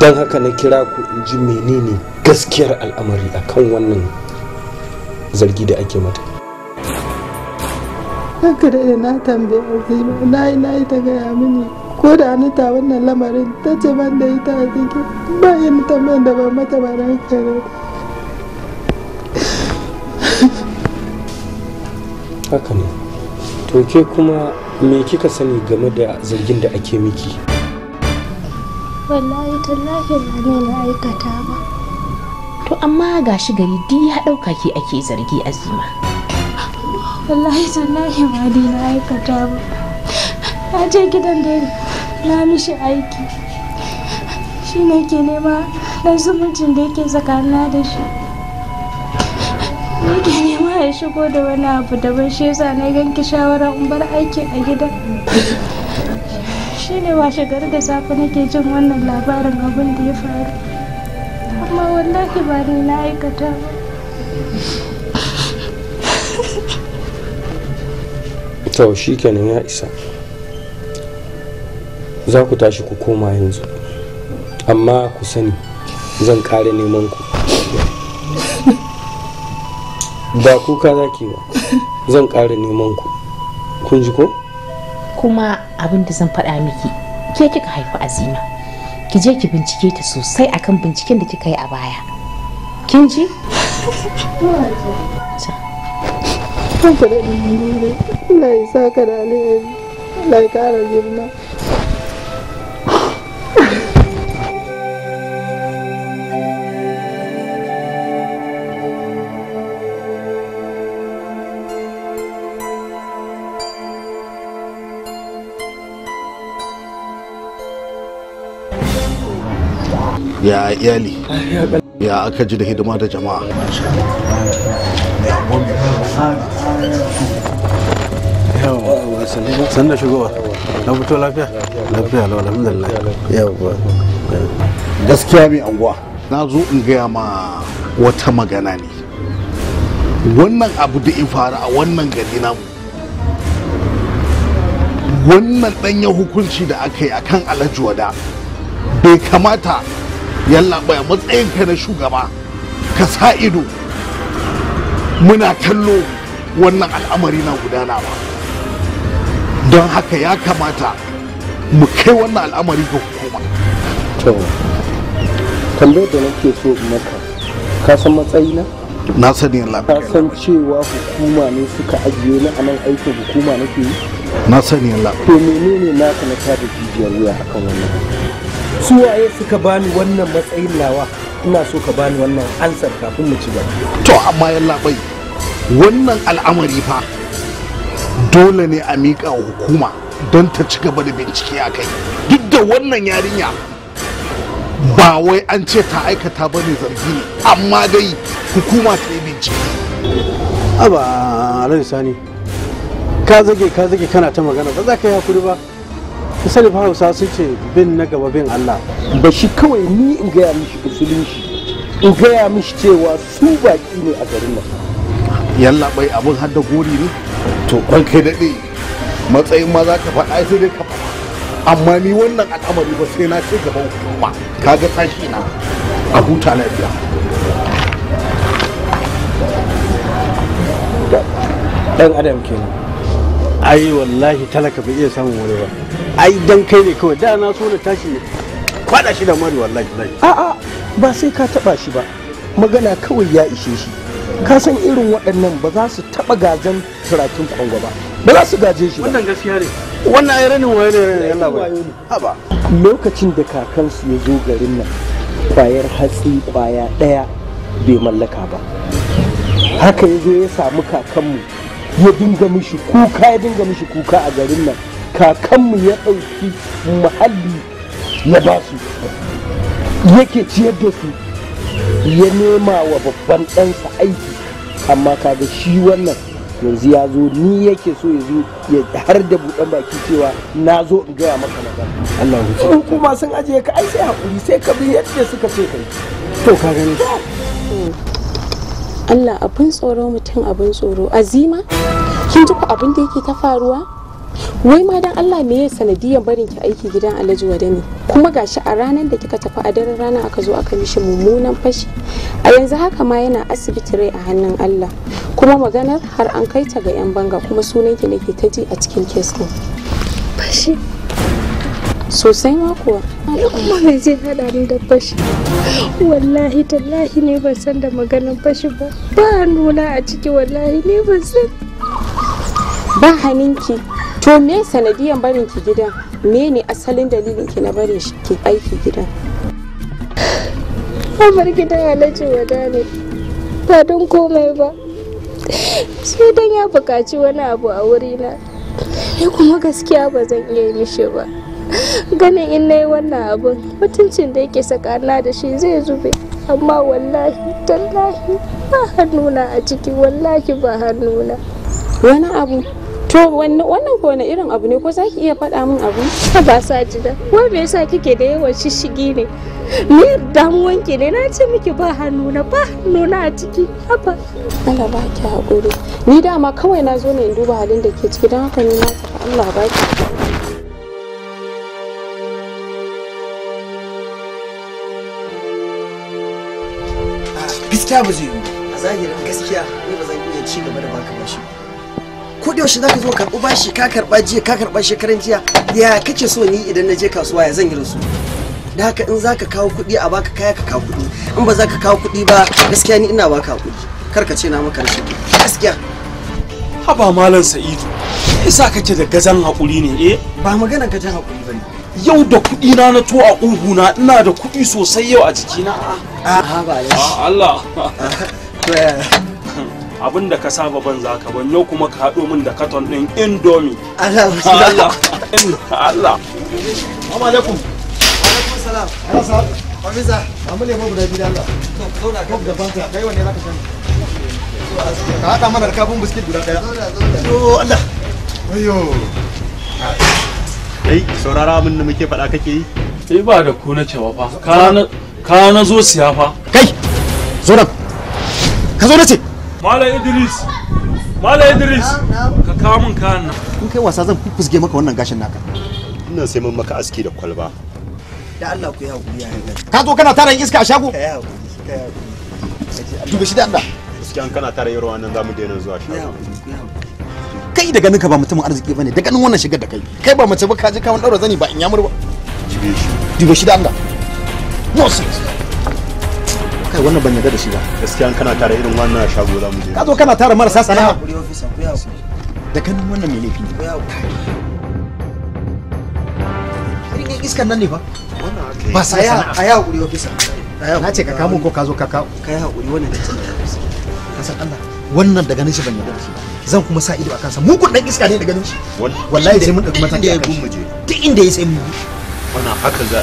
don haka na kira ku in ji menene gaskiyar al'amari a kan wannan zargi da ake mata haka da na tambaya na na yi ta gaya mini ko da ni ta wannan lamarin ta ce ban da ita a cikin bayan tambayan da ban mata ba na kare
haka ne to ke kuma me kika
sani game da zargin da ake miki
wallahi tallahi ba
ne na aikata ba
to amma gashi gari di ya dauka ke ake zargi azima
wallahi tallahi ba ne na aikata ba na je gidan da na mishi aiki shi ne ke nema na zumuncin da yake tsakanina da shi ne ke nema ya shigo da wani abu daban shi yasa na ganki shawara in bar aikin a gida shi ne washe gari da safe nake jin wannan labarin abin da ya faru amma wallahi ba ni na aikata
to shi kenan ya isa za ku tashi ku koma yanzu amma ku sani zan kare neman ku ba kuka za ki ba zan kare neman ku kun ji ko
kuma abin da zan faɗa miki ke kika haifi azima ki je ki bincike ta sosai akan binciken da kika yi a baya kin ji
Allah ya saka da alheri Allah ya kara girma
ya iyali ya aka ji da hidima da jama'a san da shigowa na fito lafiya lafiya lau alhamdulillah yawwa gaskiya mai anguwa na zo in gaya ma wata magana ne wannan abu da in faru a wannan gari namu wannan danyen hukunci da aka yi akan alhaji wada bai kamata yalla bai matsayinka na shugaba ka sa ido muna kallo wannan al'amari na gudana ba don haka ya kamata mu kai wannan al'amari ga hukuma to tambayar da nake so maka ka san matsayina na sani lafiya ka san
cewa hukuma ne suka ajiye ni a nan aikin hukuma nake yi
na sani lafiya to
menene naka na tada jijiyar wuya akan wannan
su waye suka bani wannan matsayin nawa ina so ka bani wannan ansar kafin mu ci gaba to amma yalla bai wannan al'amari fa dole ne a miƙa wa hukuma don ta ci gaba da bincike a kai duk da wannan yarinya ba wai an ce ta aikata ba ne zargi ne amma dai hukuma ta yi bincike
aba alhaji sani ka zage ka zage kana ta magana ba za ka yi hakuri
ba da hausa sun ce bin na gaba bin allah ba shi kawai ni in gaya mishi musulunci in gaya mishi cewa su baki ne a garin nan yalla bai abun har da gori ne to kai kai daɗe matsayin ma za ka faɗa sai dai ka faɗa amma ni wannan al'amari ba sai na ce gaban hukuma kaga tashi na a huta lafiya
dan adam kenan ai wallahi talaka bai iya samun wani ba ai dan kai ne kawai da na so na tashi kwada shi da mari wallahi a'a ba sai ka taba shi ba magana kawai ya ishe shi ka san irin waɗannan ba za su taɓa gajen surakin kwango ba ba za su gaje shi ba
wannan gaskiya ne wannan ai ranin waye ne Allah ba haba
lokacin da kakansu ya zo garin nan kwayar hatsi kwaya ɗaya bai mallaka ba haka ya zo
ya samu kakanmu ya dinga mishi kuka ya dinga mishi kuka a garin nan kakanmu ya ɗauki muhalli ya ba su
yake ciyar da su ya nema wa babban ɗansa aiki amma
kaga shi wannan yanzu ya zo ni yake so ya zo ya har da buɗan baki cewa na zo in gaya maka na Allah ya in kuma sun ajiye ka ai sai hakuri sai ka bi yadda
suka ce kai to ka gani Allah abin tsoro mutum abin tsoro azima kin ji ku abin da yake ta faruwa wai ma dan Allah me yasa sanadiyan barin ki aiki gidan Alhaji Wadani kuma gashi a ranar da kika tafi a daren rana aka zo aka mishi mummunan fashi a yanzu haka ma yana asibiti rai a hannun Allah
kuma maganar har an kai ta ga yan banga kuma sunan ki nake ta ji a cikin kes din fashi sosai ma kuwa kuma me zai hada ni da fashi wallahi tallahi ne ban san da maganin fashi ba ba nuna a ciki wallahi ne ban san ba haninki to me sanadiyan barin ki gidan me ne asalin dalilin ki na barin shi ki aiki gidan gida gidan lace wada ne ba don komai ba sai dan ya buƙaci wani abu a wurina ni kuma gaskiya ba zan iya mishi ba ganin in na yi wannan abin mutuncin da yake sakana da shi zai zube amma wallahi tallahi ba hannuna a ciki wallahi ba hannuna wani abu to wannan ko wani irin abu ne ko za ki iya faɗa min abu ba sa ji da wai me yasa kike da yawan shishigi ne ni damuwan ki ne na ce miki ba hannuna ba hannuna a ciki haba Allah ba ki haƙuri
ni dama kawai na zo ne in duba halin da ke ciki don haka ni na Allah ba ki gaskiya ba zai yi a zahirin gaskiya ni ba zan iya ci gaba da baka bashi ko da yaushe zaka zo karɓi bashi ka karɓa jiya ka karɓa shekaran jiya ya kake so ni idan na je kasuwa ya zan yi rasu da haka in zaka kawo kuɗi a baka kaya ka kawo kuɗi in ba zaka kawo kuɗi ba gaskiya ni ina baka kuɗi kar ka ce na maka rashin gaskiya haba malam sa'idu isa kake da gazan haƙuri ne eh ba magana gazan haƙuri bane yau da kuɗi na na to a ƙuguna ina da kuɗi sosai yau a jikina ah, ah, a ah, Allah <laughs> eh. abin da ka saba ban za ka ban yau kuma ka haɗo min da katon ɗin indomi Allah Allah Allah
Assalamu alaikum alaikum salam Allah sa Amisa amma ne guda biyu Allah to zauna ka da banta kai wanne zaka sani ka haɗa mana kabun biskit guda ɗaya to Allah ayo
kai saurara min da muke faɗa kake yi sai eh, ba da ku na cewa fa ka na zo siya fa kai zo ka zo na ce malam idris
malam idris ka kawo min kayan nan
in kai wasa zan fuffuske maka wannan gashin naka ina sai mun maka aski da kwalba
da Allah ku ya hakuri ka zo kana tara iska a shago kai hakuri ya
hakuri dubi shi da Allah
gaskiya kana tara yarwa nan daina zuwa shago kai da ganin ka ba mutumin arziki bane da ganin wannan shigar da kai kai ba mace ba ka je ka wani daura zani ba in yamur ba jibe shi jibe shi da Allah nonsense
kai wannan ban yarda da shi ba gaskiya kana tara irin wannan shago za mu je ka zo kana tara marasa sana'a da ganin wannan mai laifi ne iskan nan ne fa
ba sa ya a
ya hakuri ofisa
na ce ka kamo ko ka zo ka kawo ka yi hakuri wannan ta ka san Allah wannan da ganin shi ban yarda shi zan kuma sa ido a kansa mu kun dan iska ne da ganin shi wallahi sai mun dauki mataki a kan
je duk inda ya sai mu
wannan haka za a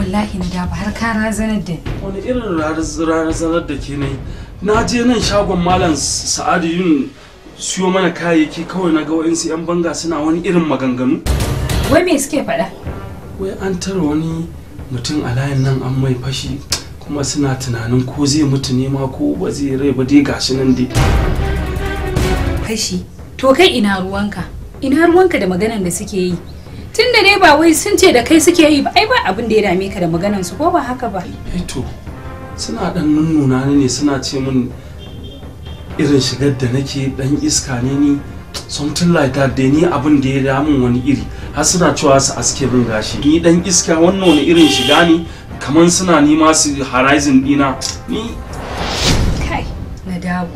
wallahi na da ba har ka razanar da
wani irin razanar da ke na je nan shagon malam sa'adu yin siyo mana kayayyaki kawai na ga wa'insu 'yan banga suna wani irin maganganu?
Wai me suke faɗa?
Wai an tara wani mutum a layin nan an mai fashi kuma suna tunanin ko zai mutu ne ma ko ba zai rai ba dai gashi nan dai.
Fashi, to kai ina ruwanka? Ina ruwanka da maganan da suke yi? Tun da dai ba wai sun ce da kai suke yi ba, ai ba abin da ya dame ka da maganan su ko ba haka ba? Eh to, suna
ɗan nunnuna ne suna ce mun irin shigar da nake dan iska ne ni something like that dai ni abin da ya damun wani iri har suna cewa su aske min gashi ni dan iska wannan wani irin shiga ne kaman suna nima su horizon dina ni
kai na dawo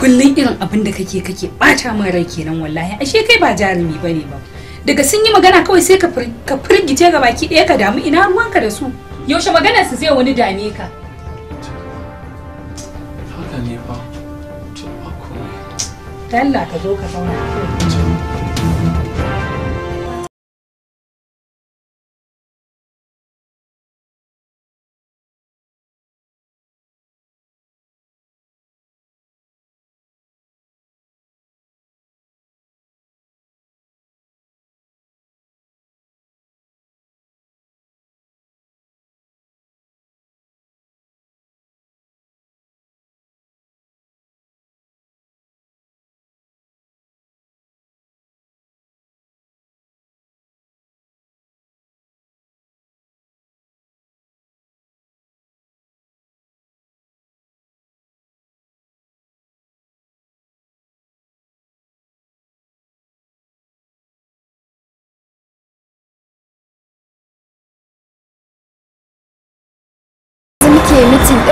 kullum irin abin da kake kake bata min rai kenan wallahi ashe kai ba jarumi bane ba daga sun yi magana kawai sai ka firgice ga baki ɗaya ka damu ina ruwanka da su yaushe magana su zai wani dame ka Dalla ka zo ka zauna.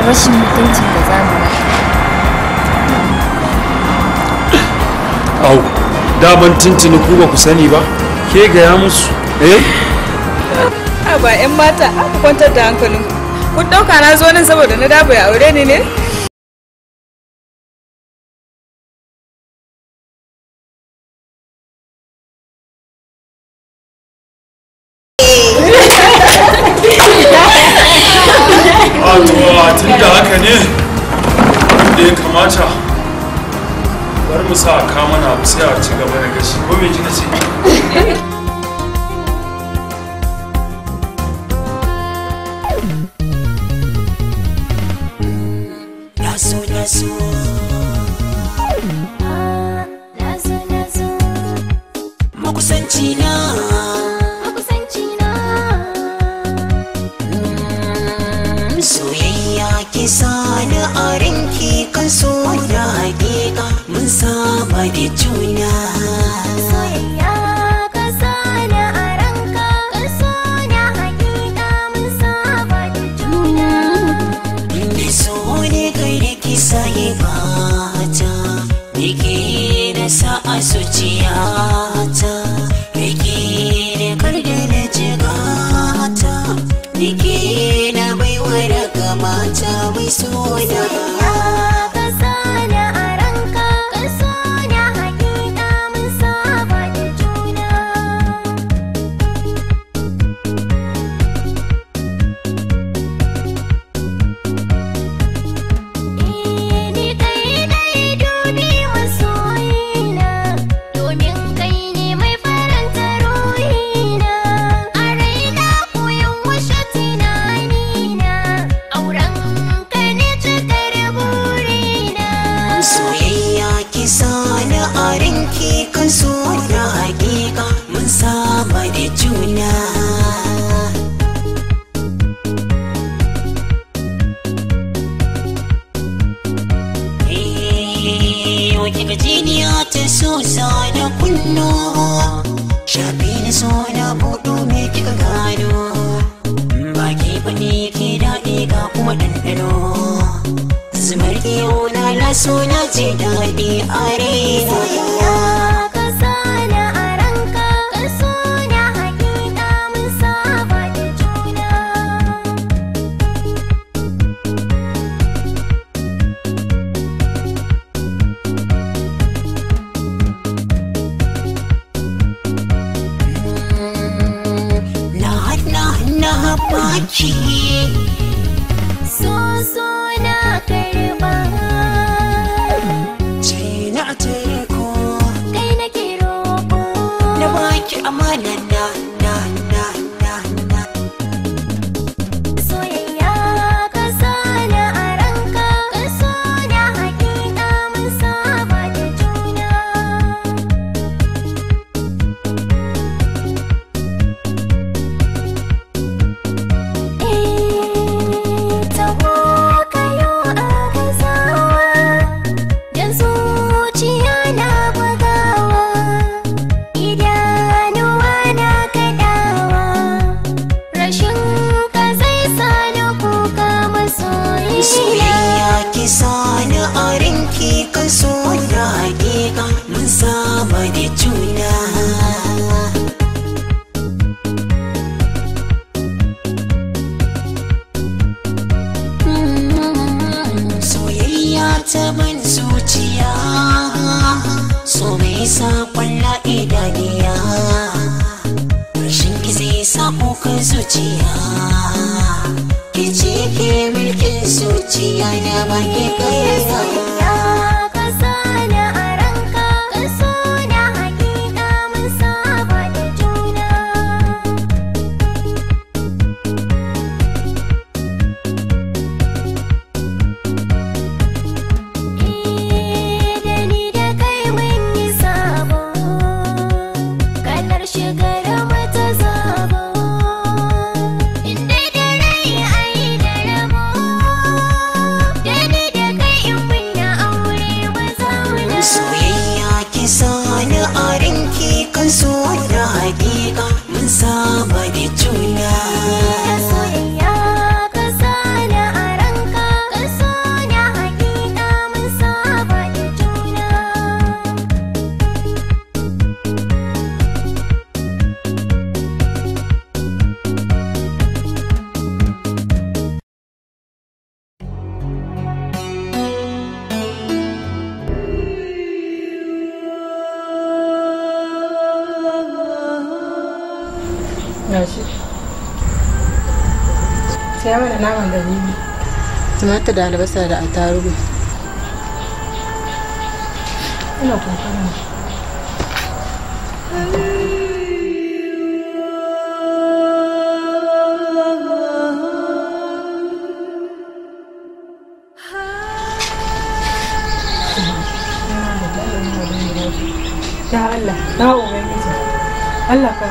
rashin mutuncin da za mu
au daman tuntuni ku ba ku sani ba ke gaya musu eh ba 'yan mata aka kwantar da hankalinku kun ɗauka na zo nan saboda na
dabaya aure ne ne
da haka ne da ya kamata bari mu sa a kama na abu sai a ci gaba da gashi ko me kina ce
ah, na
Ya kisa sani a ranki kan so da hakika mun saba da
juna Ya ka sani a kan so da hakika mun saba da juna inda
so ne kai da ki sai bata me ke da sa a zuciya
mata mai suna
sanno shafi da so na buɗo me kika gano baki bane ke daɗi ga kuma ɗanɗano zumar iyo na na so na ji daɗi a
ta da albasa da attarugu ina kokarin Allah ka wani Allah ka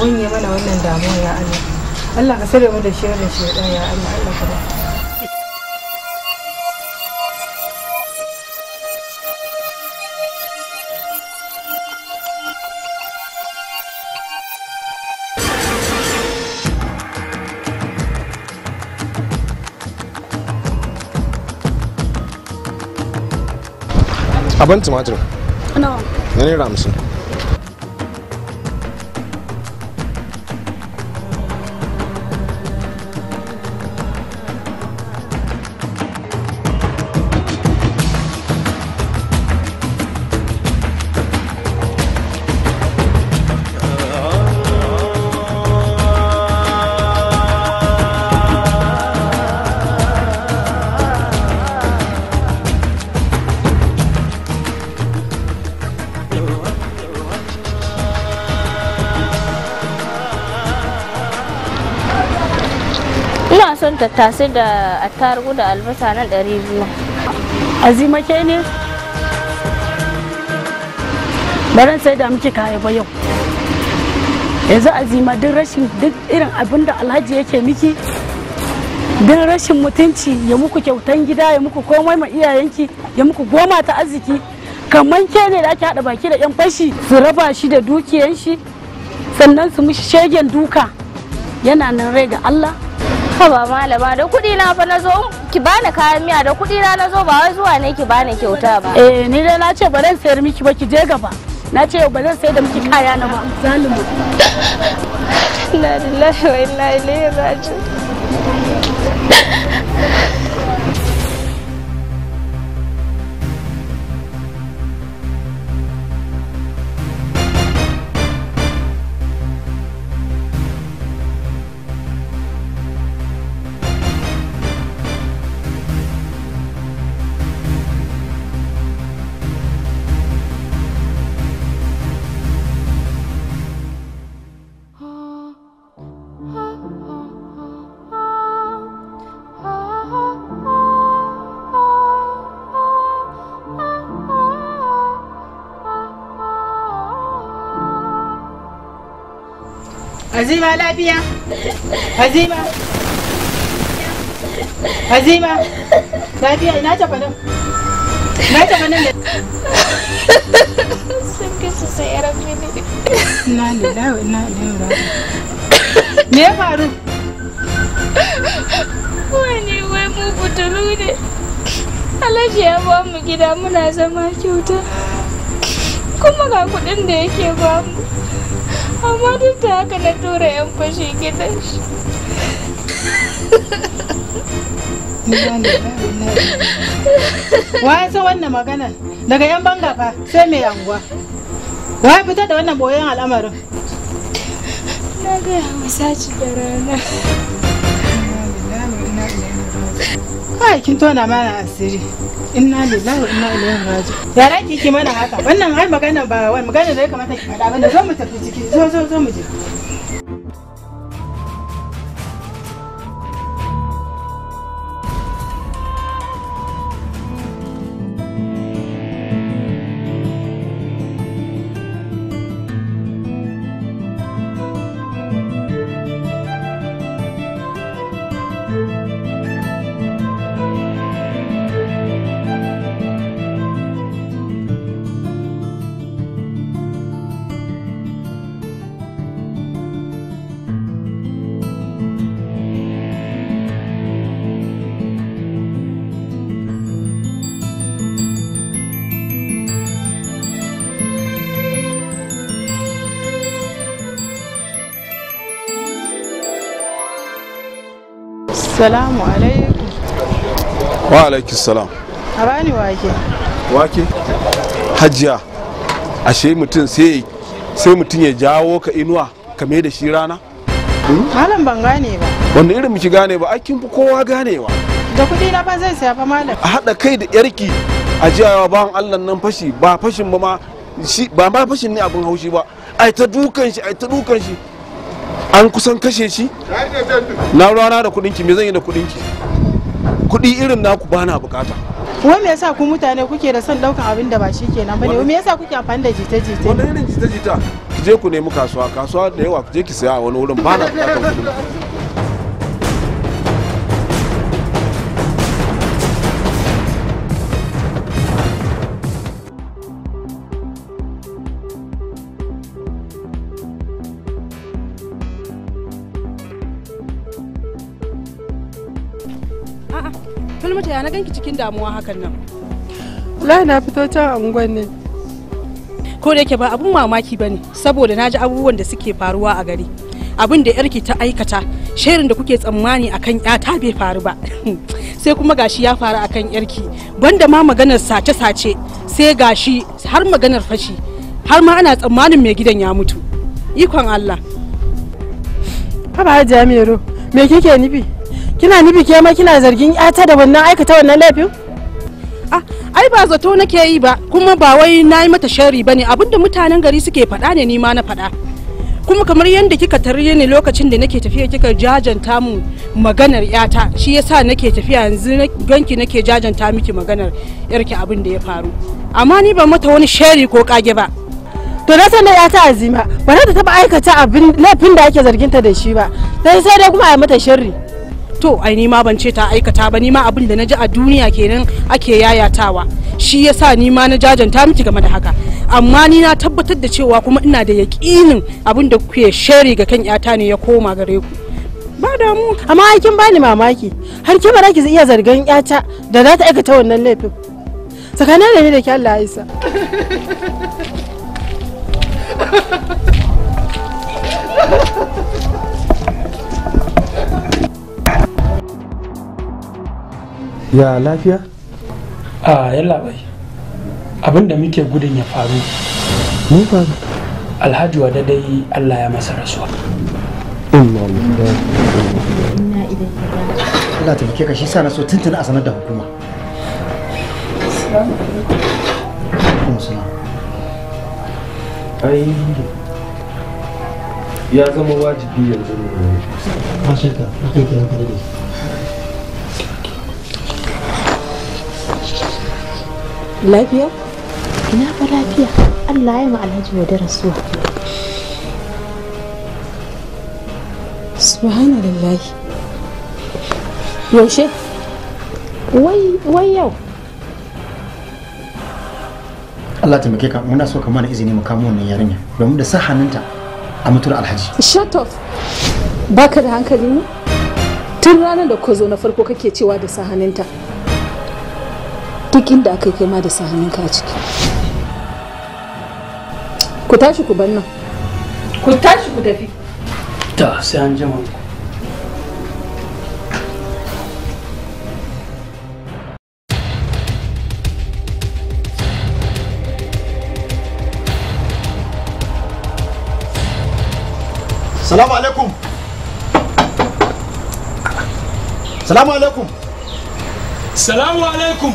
wanye mana wannan damuwa ya Allah Allah ka sare mu da shirin shaidan ya Allah abin tumatir na naira hamsin tattasai da attarugu da albasa na ɗari biyu azima ke ne baran sai da miki kaya ba yau yanzu azima duk rashin duk irin abin da alhaji yake miki din rashin mutunci ya muku kyautan gida ya muku komai ma iyayenki ya muku goma ta arziki kamar ke ne da ake haɗa baki da 'yan fashi su raba shi da dukiyan shi sannan su mishi shegen duka yana nan rai ga Allah haba malama da kudi na fa na zo ki bani kayan miya da kudi na na zo ba wai zuwa ne ki bani kyauta ba eh ni dai na ce ba zan sayar miki ba ki je gaba na ce ba zan sayar da miki kaya na ba zalimu inna lillahi wa inna ilaihi raji Hazima lafiya? Hazima. Hazima.
Lafiya ina ta nan. Ina ta nan. ne?
Sun su sai yaran mini. Ina wa ina ilaihi raji'un. Me ya faru? Wani wai mu butulu ne. Alaji ya ba mu gida muna zama kyauta. Kuma ga kuɗin da yake ba mu. amma duk da haka na tura yan fashe gidan shi waye sa wannan magana daga yan banga fa sai mai anguwa waye fita da wannan boyen al'amarin na ga hausa ci da rana kai kin tona mana asiri inna lillahi wa inna ilaihi raji'un ya raki ki mana haka wannan
har magana ba wani magana da ya kamata ki faɗa ba zo mu tafi ciki zo zo zo mu je Salamu alaikum.
Wa alaikum salam.
A bani wake.
Wake? Hajiya. Ashe mutum sai sai mutum ya jawo ka inuwa ka mai da shi rana? Hmm?
Malam ban gane ba.
Wanda irin miki gane ba, aikin fi kowa ganewa.
Da kuɗi na ba zai saya fa malam. A haɗa kai da yarki a jiyawa bawan Allah nan fashi ba fashin ba ma ba ma fashin ne abin haushi ba. Ai ta dukan shi, ai ta dukan shi. an kusan kashe shi na rana da kudinki ki me zan yi da kudinki ki kudi
irin naku ba na bukata
wai me yasa ku mutane kuke da son daukan abin da ba shi kenan bane me yasa kuke amfani da jita jita wani irin jita jita
ki je ku nemi kasuwa kasuwa da yawa ku je ki saya a wani wurin
ba na bukata
na ganki cikin damuwa hakan nan wallahi na fito can unguwan ne ko da yake ba abun mamaki bane saboda na ji abubuwan da suke faruwa a gari abin da yarki ta aikata shirin da kuke tsammani akan ta bai faru ba <laughs> sai kuma gashi ya faru akan yarki banda ma maganar sace-sace sai gashi har maganar fashi har ma ana tsammanin mai gidan ya mutu ikon Allah Haba Hajiya me kike nufi? kina nufi ke ma kina zargin yata da wannan aikata wannan laifin ah, ai ba zato nake yi ba kuma ba wai na yi mata sharri ba ne abinda mutanen gari suke faɗa ne ni na faɗa kuma kamar yadda kika tarye ni lokacin da nake tafiya kika jajanta mu maganar yata shi yasa nake tafiya yanzu ganki nake jajanta miki maganar yarki abin da ya faru
amma ni ba mata wani shari ko
kage ba to na san da yata azima ba za ta taba aikata abin laifin da ake zargin ta da shi ba sai sai dai kuma a mata sharri to ai ni ma ban ce ta aikata ba ni ma abin da na a duniya kenan ake yayatawa shi yasa ni ma na jajanta miki game da haka amma ni na tabbatar da cewa kuma ina da yaƙinin abin da kuke share ga kan yata ne ya koma gare ku ba damu amma ai kin bani mamaki har ki bara ki iya zargan yata da za ta aikata wannan laifin tsakanin da ni da ki Allah isa
Ha ha ha!
ya lafiya? a yalla bai abin da muke gudun ya faru ne faru alhaji wa dai allah ya masa rasuwa Allah ta bike ka shi sa na so tuntuna a sanar da hukuma ya zama wajibi yanzu ne
ba shakka kira kare da shi
lafiya ina fa lafiya allah ya ma alhaji wadda rasuwa lallahi yaushe wai yau
Allah ta ka muna
so ka mana izini mu kamo wannan yarinya domin da sahaninta a mutuwar alhaji shut up baka da hankali ne tun ranar da ko zo na farko kake cewa da sahaninta
duk inda aka kai ma da sahanin ka ciki
ku tashi ku bar nan ku tashi ku tafi
ta sai an jima
salamu alaikum salamu alaikum salamu alaikum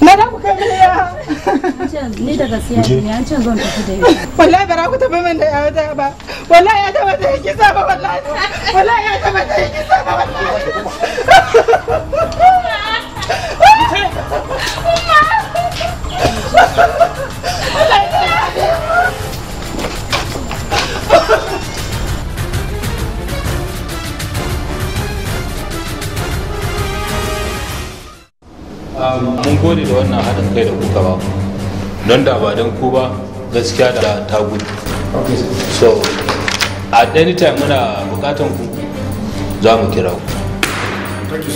na da ku kai ni daga siya ne an ce zan tafi da
ita wallahi bara ku tafi min da yawa ta ba wallahi ya taba ta yake sa ba wallahi
wallahi ya taba ta yake sa ba wallahi Uma!
mun gode da wannan haɗin kai da kuka ba don da ba don ku ba gaskiya da ta gudu so at any time muna bukatan ku za mu kira
ku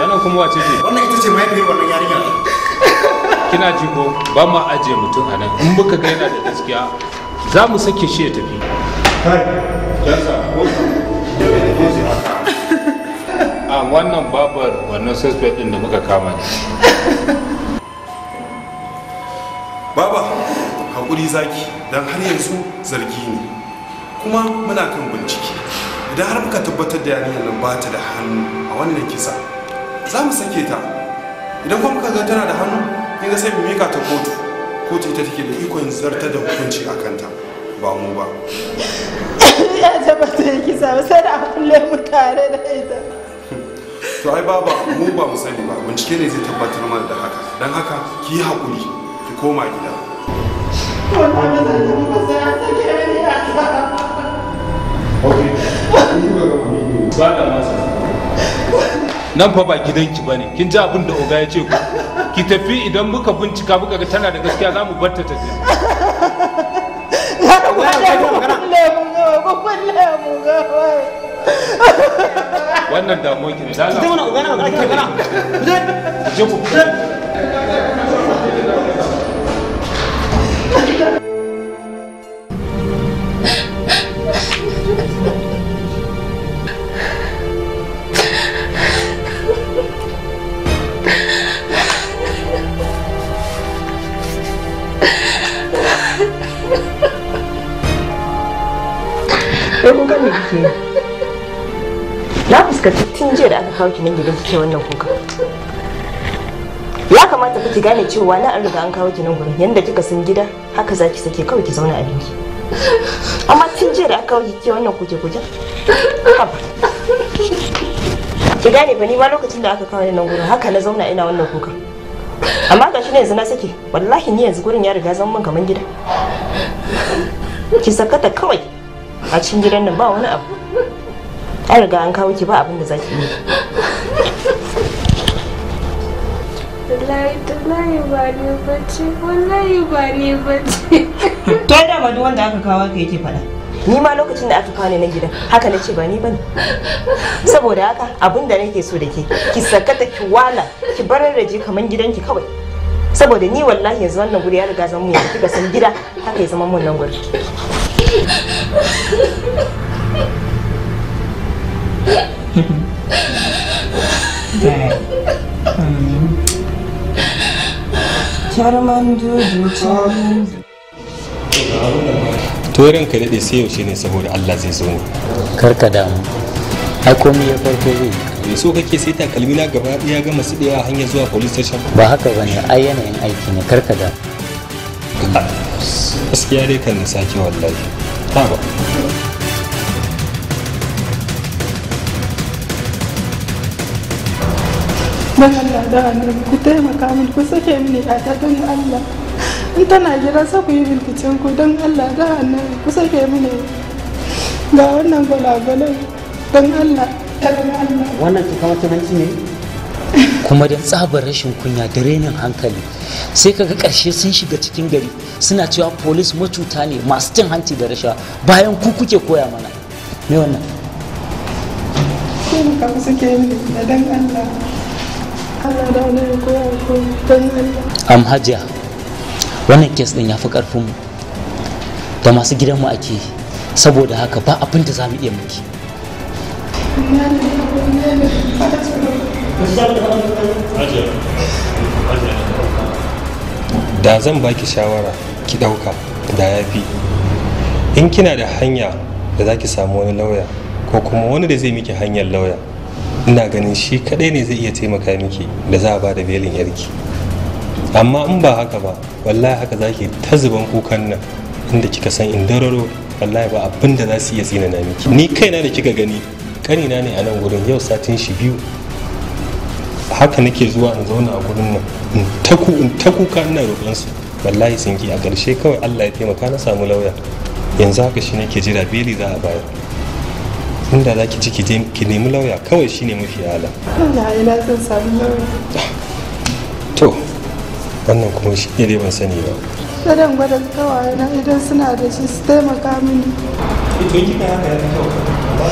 wannan kuma wace ce wannan ita ce mahaifiyar wannan yarinya kina ji ko
ba ma ajiye mutum a nan in muka gaina yana da gaskiya za mu sake shi ya tafi a wannan babar wannan suspect din da muka kama ne baba hakuri zaki don har yanzu zargi ne kuma muna kan bincike idan har muka tabbatar da yanayin nan ba ta da hannu a wannan kisa za mu sake ta idan kuma muka tana da hannu kin ga sai mu mika ta kotu kotu ita take da ikon zartar da hukunci a kanta ba mu ba
ya zama ta yake kisa sai da a kulle mu tare da ita
to ai baba mu ba mu sani ba bincike ne zai tabbatar mana da haka dan haka ki yi hakuri ki koma gida ni a nan fa ba gidanki ba ne kin ji abin da oga ya ce ku ki tafi idan muka bincika muka ga tana da gaskiya za mu bar ta tafi wannan damuwa ki da Allah. mana ugana
ugana Ku ku kai kuka ne kike na fuskanci tun jiya da aka kawo ki nan gidan kike wannan kuka ya kamata ku ki gane cewa na an riga an kawo ki nan gurin yanda kika san gida haka za ki sake kawai ki zauna a binki amma tun jiya da aka kawo ki kike wannan kuke kuke ki gane ba ni ma lokacin da aka kawo ni nan gurin haka na zauna ina wannan kuka amma ga shi ne yanzu na sake wallahi ni yanzu gurin ya riga zan min kaman gida ki sakata kawai a cikin gidan nan ba wani abu an riga an kawo ki ba abin da za ki
yi ba ne bace wallahi
ba ne wanda aka kawo ka yake faɗa ni ma lokacin da aka kawo ne na gidan haka nace ba ni bane saboda haka abin da nake so da ke ki sakata ki wala ki barar da ji kaman gidanki kawai saboda ni wallahi yanzu wannan guri ya riga zan mu yanzu ga san gida haka ya zama mun nan guri
Charman
Tuwarin ka daɗe sai yaushe ne saboda Allah zai zo Kar ka damu. ai komi ya farko zai me so kake sai takalmi na gaba ya gama su da hanya zuwa police station ba haka bane ai yanayin aiki ne karka da gaskiya dai kan sake wallahi ta ba
don Allah da annabi ku taimaka min ku sake mini ta don Allah in tana gida sa ku yi binkicen ku don Allah da annabi ku sake mini ga wannan gwalagwalai don Allah
hanci ne
kuma da tsabar rashin kunya da renin hankali sai kaga karshe sun shiga cikin gari suna cewa polis macuta ne masu cin hanci da rashawa bayan ku kuke koya mana me wannan wannan kes din ya fi karfin mu da masu gidanmu ake saboda haka ba abinda da za mu iya miki
da zan baki shawara ki ɗauka da ya fi in kina da hanya da za ki samu wani lauya ko kuma wani da zai miki hanyar lauya ina ganin shi kadai ne zai iya taimaka miki da za a ba da belin yarki amma in ba haka ba wallahi haka za ki ta zuban kukan nan inda kika san indararo dararo wallahi ba abinda da za su iya tsinana miki ni kaina da kika gani kanina ne a nan gurin yau satin shi biyu haka nake zuwa in zauna a gurin nan in taku in ta kuka ina roƙon su wallahi sun ki a ƙarshe kawai Allah ya taimaka na samu lauya yanzu haka shi nake jira beli za a bayar inda za ki ciki ki nemi lauya kawai shine mafi ala Allah ina son samu lauya to wannan kuma shi ne ban sani ba
sadan gwada kawai na idan suna da shi su taimaka mini
ita kika haka ya kyau. <laughs> haka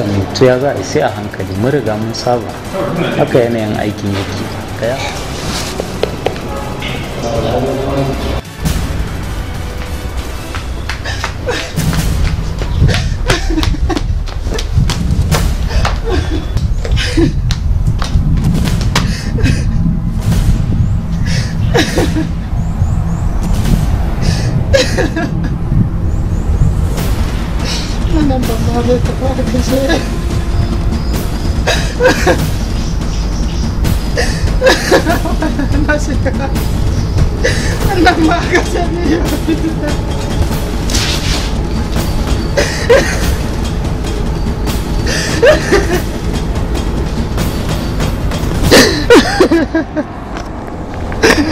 ne to ya za a sai a hankali mun riga mun saba haka yanayin aikin yake kaya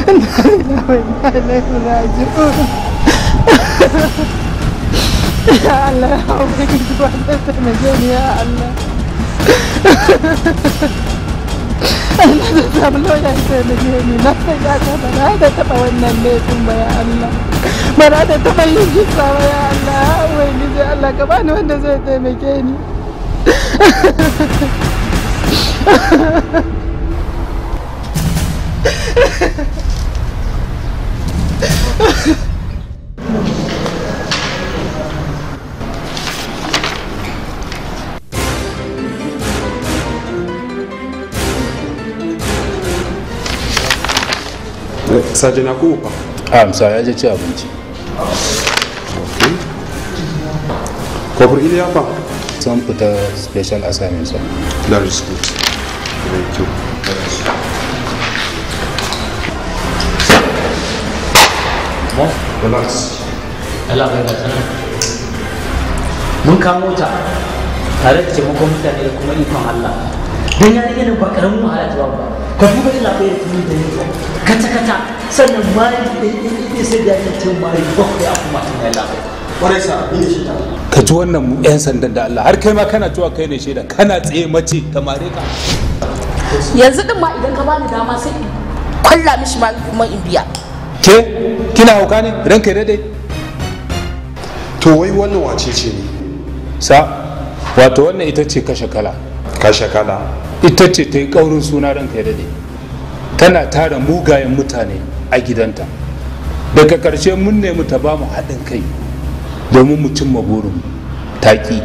انا الى الله إليه راجعون يا الله يا عمري كنت وحدة مجاني يا الله
أنا تتعملوا يا سيدي ما تنقاتها من هذا تبوينا الليل ثم يا الله mara da ta fahimci sama ya Allah wai ni
Allah
ka bani wanda zai taimake ni
eh, Sajina amsa ya je ci abinci kofar iliya fa sun fita special assignment sa
that is good
thank you mun kamo ta tare da taimakon mutane da kuma ikon Allah don nan ba karamin wahala ta ba ka duba ila da kata kata sannan bayan da ya sai da ya ce bayan bakwai a kuma tun ya lafa kwarai sa ni ne shaida
ka ci wannan yan sandan da Allah har kai ma kana tuwa kai ne shaida kana tsaye mace ta mare ka
yanzu din ma idan ka ba ni dama sai in kwalla mishi ma kuma in biya
ke kina hauka ne ranka ya dai to wai wannan wace ce ne sa wato wannan ita ce kashe kala kashe kala ita ce ta yi ƙaurin suna ranka ya dade tana tara mugayen mutane a gidanta daga karshe mun nemi ta ba mu haɗin kai domin mu cimma burin taƙi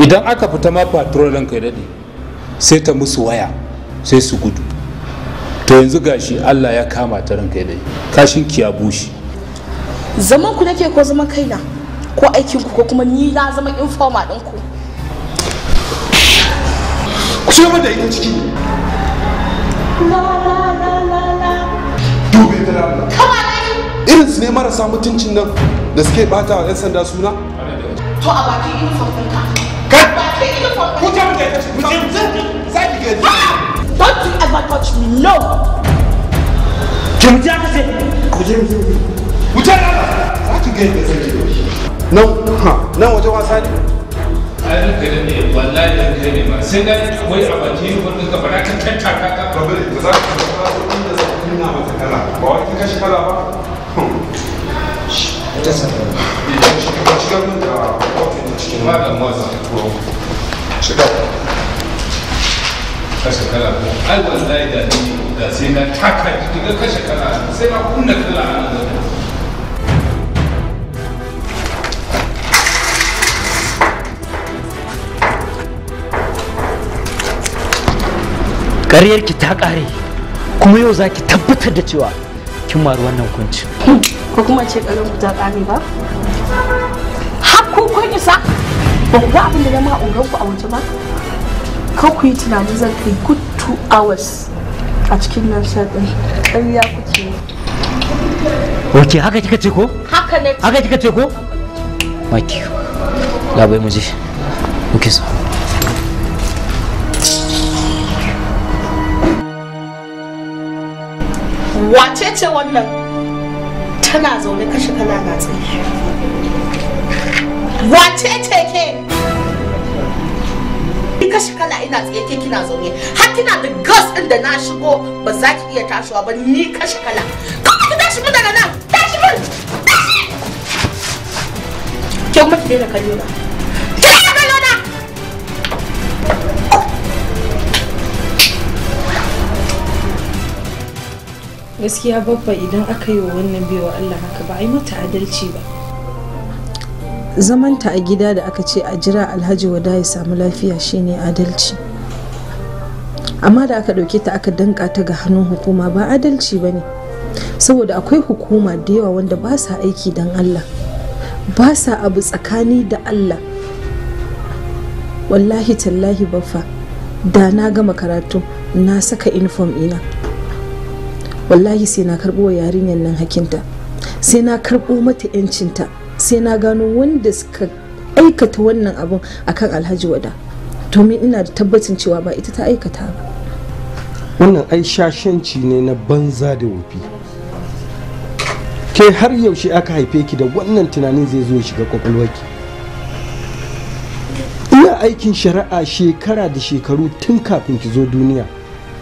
idan aka fita ma patrolin kai daɗe sai ta musu waya sai su gudu to yanzu gashi allah ya kama ta kai daɗe kashin kiya bushi
zaman ku nake ko zama kaina ko aikin ku ko kuma ni na zama informa ɗin ku
ku ce da ita ciki dube ta da irin su ne marasa mutuncin nan da suke bata wa 'yan sanda suna
to a bakin uniform ɗinka ka bakin uniform ɗinka ku ta mutai ta ce ku za ki gani ah! don't you ever touch me no kimti aka ce ku je ku je na za ki gani da sai nan ha
nan waje wasa ne ai ka ne wallahi dan ne ma sai dai wai a bakin uniform ɗinka ba ka tantaka ka ba za ka muna mata kala ba wai ta kashe kala ba ta sanar da shigar mun da kofin da cikin malam maza shigar
kashe kala ko ai wallahi da ni da sai na taka daga kashe kala sai na kunna kala a nan ƙaryarki ta ƙare kuma yau zaki tabbatar da cewa kin maru wannan hukunci
ko kuma ce karin ku ta kame ba hakku kun
isa ba ku abin da ma ogan ku a waje ba ka ku yi tunanin zan kai good two hours a cikin nan shaɗin ƙarya kuke wace haka kika ce ko haka ne haka kika ce ko maki labai mu je muke sa wace ce wannan
tana zaune kashe kana tsaye wace ce ke kashe kana ina tsaye ke kina zaune
har kina da gas ɗin da na shigo ba za ki iya tashiwa ba ni kashe kana kuma ki tashi mun daga nan tashi mun ke kuma ki daina kallo ba gaskiya babba idan aka
yi wa wannan baiwa Allah haka ba a yi mata adalci ba
zamanta a gida da aka ce a jira alhaji wada ya samu lafiya shine adalci amma da aka ɗauke ta aka danka ta ga hannun hukuma ba adalci ba ne saboda akwai hukuma da yawa wanda ba sa aiki don allah ba sa abu tsakani da allah wallahi tallahi baffa da na gama karatu na saka uniform ina wallahi sai na karɓo wa yarinyar nan hakinta sai na karɓo mata yancinta sai na gano wanda suka aikata wannan abun akan alhaji wada min ina da tabbacin cewa ba ita ta aikata ba wannan ai shashanci ne na banza da wofi ke har yaushe aka haife ki da wannan tunanin zai zo shiga kwakwalwarki ina aikin shari'a shekara da shekaru tun kafin ki zo duniya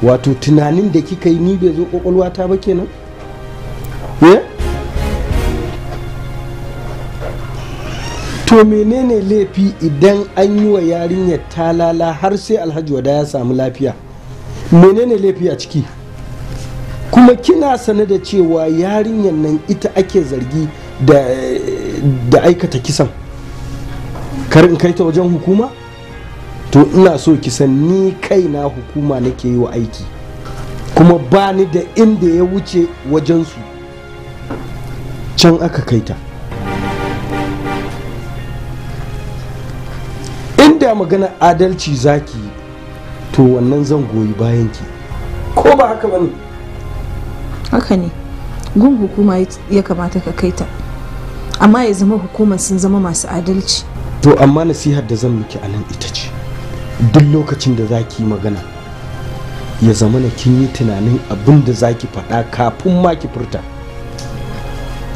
wato tunanin da kika yi ni bai zo kwakwalwa ta ba kenan to menene laifi idan an yi wa yarinyar talala har sai alhaji wada ya samu lafiya menene laifi a ciki kuma kina sane da cewa yarinyar nan ita ake zargi da aikata kisan kar in kai ta wajen hukuma to ina so ki san ni kaina hukuma nake yi wa aiki kuma ba ni da inda ya wuce wajensu can aka kaita inda magana adalci zaki to wannan zan goyi bayanki ko ba haka ba ne haka ne gun hukuma ya kamata ka kaita amma ya zama hukumar sun zama masu adalci to amma nasihar da zan miki anan ita ce duk lokacin da za ki magana ya zama na kin yi tunanin abin da za ki faɗa kafin ma ki furta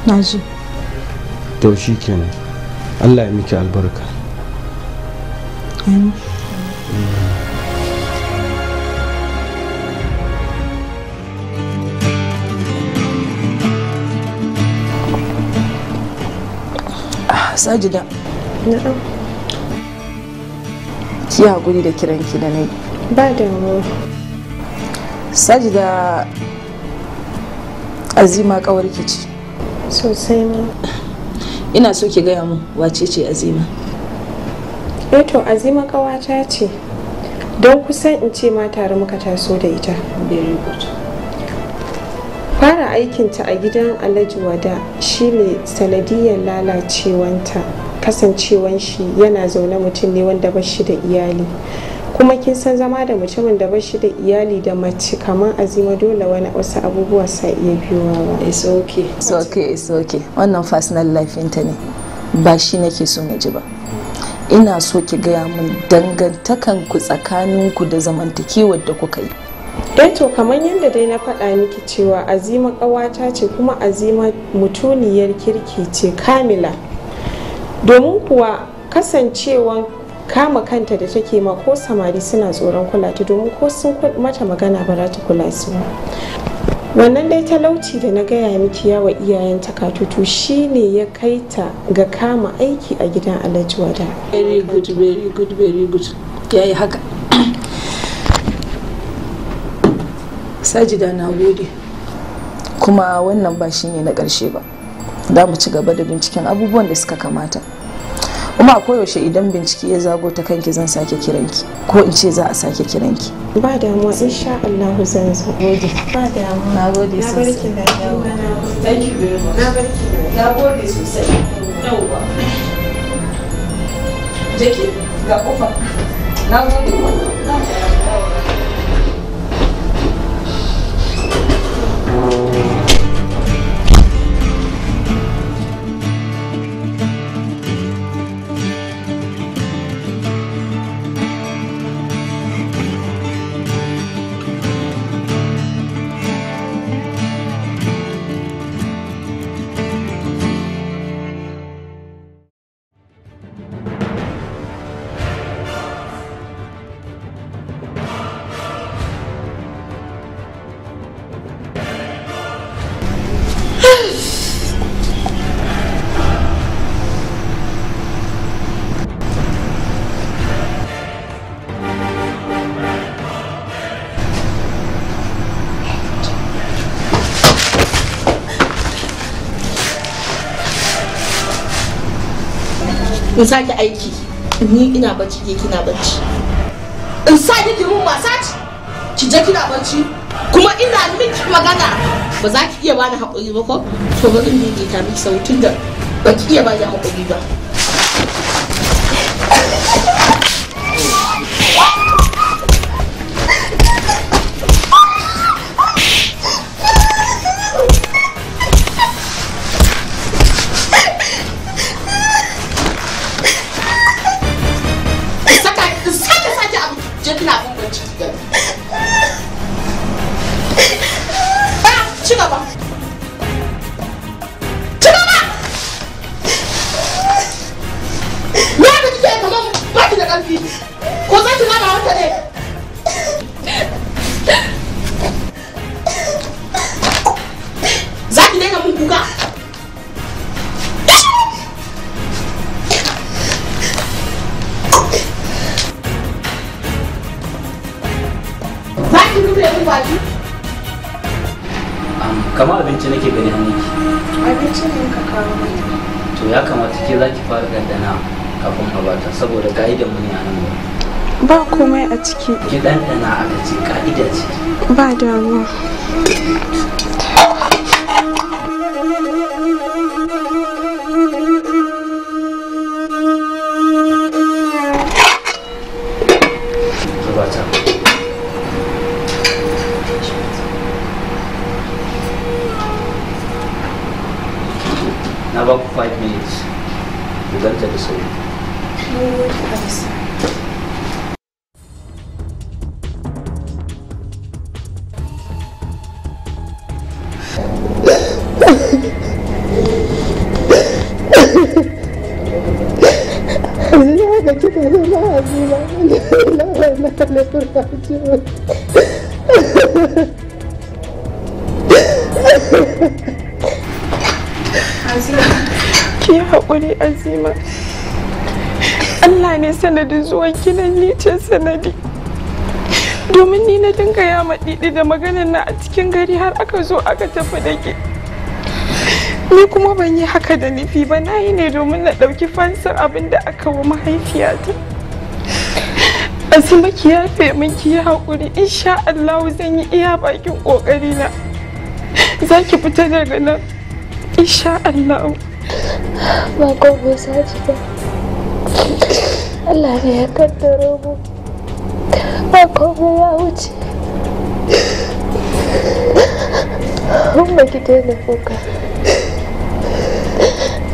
na ji to shi kenan allah ya miki albarka ah, sajida ki hakuri da kiran ki da nai. ba da
Saji sajida azima ki ce sosai ma ina so ki gaya mu wace ce azima
eh to azima kawata ce don kusan in ce ma tare muka taso da ita fara aikinta a gidan alhaji wada shine sanadiyar lalacewanta kasancewan shi yana zaune mutum ne wanda ba shi da iyali kuma kin san zama da mutumin da ba shi da iyali da mace kamar azima dole wani wasu abubuwa sa iya biyowa ba it's okay it's okay it's okay wannan personal life ta ne ba shi nake so na ji ba ina so ki gaya min dangantakan ku tsakanin ku da zamantakewar da kuka yi don to kamar yadda dai na faɗa miki cewa azima ƙawata ce kuma azima mutuniyar kirki ce kamila domin kuwa kasancewan kama kanta da take ma ko samari suna tsoron kula ta domin ko sun mata magana ba za ta kula su wannan dai talauci da na gaya miki yawa iyayen takatutu ne ya kai ta ga kama aiki a gidan alhaji
wada very
sajida na gode kuma wannan ba ne
na ƙarshe ba da mu ci gaba da binciken abubuwan da suka kamata kuma a koyaushe idan bincike ya zago ta kanki zan sake kiranki ko in ce za a sake kiranki
ba da damuwa insha Allah zan zo gode ba mu na gode sosai na barki na gode sosai yauwa
jeki ga kofa na gode in sake aiki ni ina bacci ke kina bacci in sake ki mun masaji ki je kina bacci kuma ina miki magana ba za ki iya bani haƙuri ba ko
to bari in ta miki sautin da ba ki iya bani haƙuri ba
Allah ka kika zama azima Allah na na farfajiyo
Ki haƙuri azima Allah ne sanadin zuwan kinan ni ce sanadi domin ni na dinga ya maɗiɗi da maganin na a cikin gari har aka zo aka tafi da ke ni kuma ban yi haka da nufi ba na yi ne domin na ɗauki fansar abin da aka wa mahaifiyata azima ki yafe min ki yi haƙuri insha Allah zan yi iya bakin ƙoƙari na za ki fita daga nan
insha Allah ba ko bai sace ba Allah ne ya kanta mu ba ko ya wuce Umma ki daina kuka.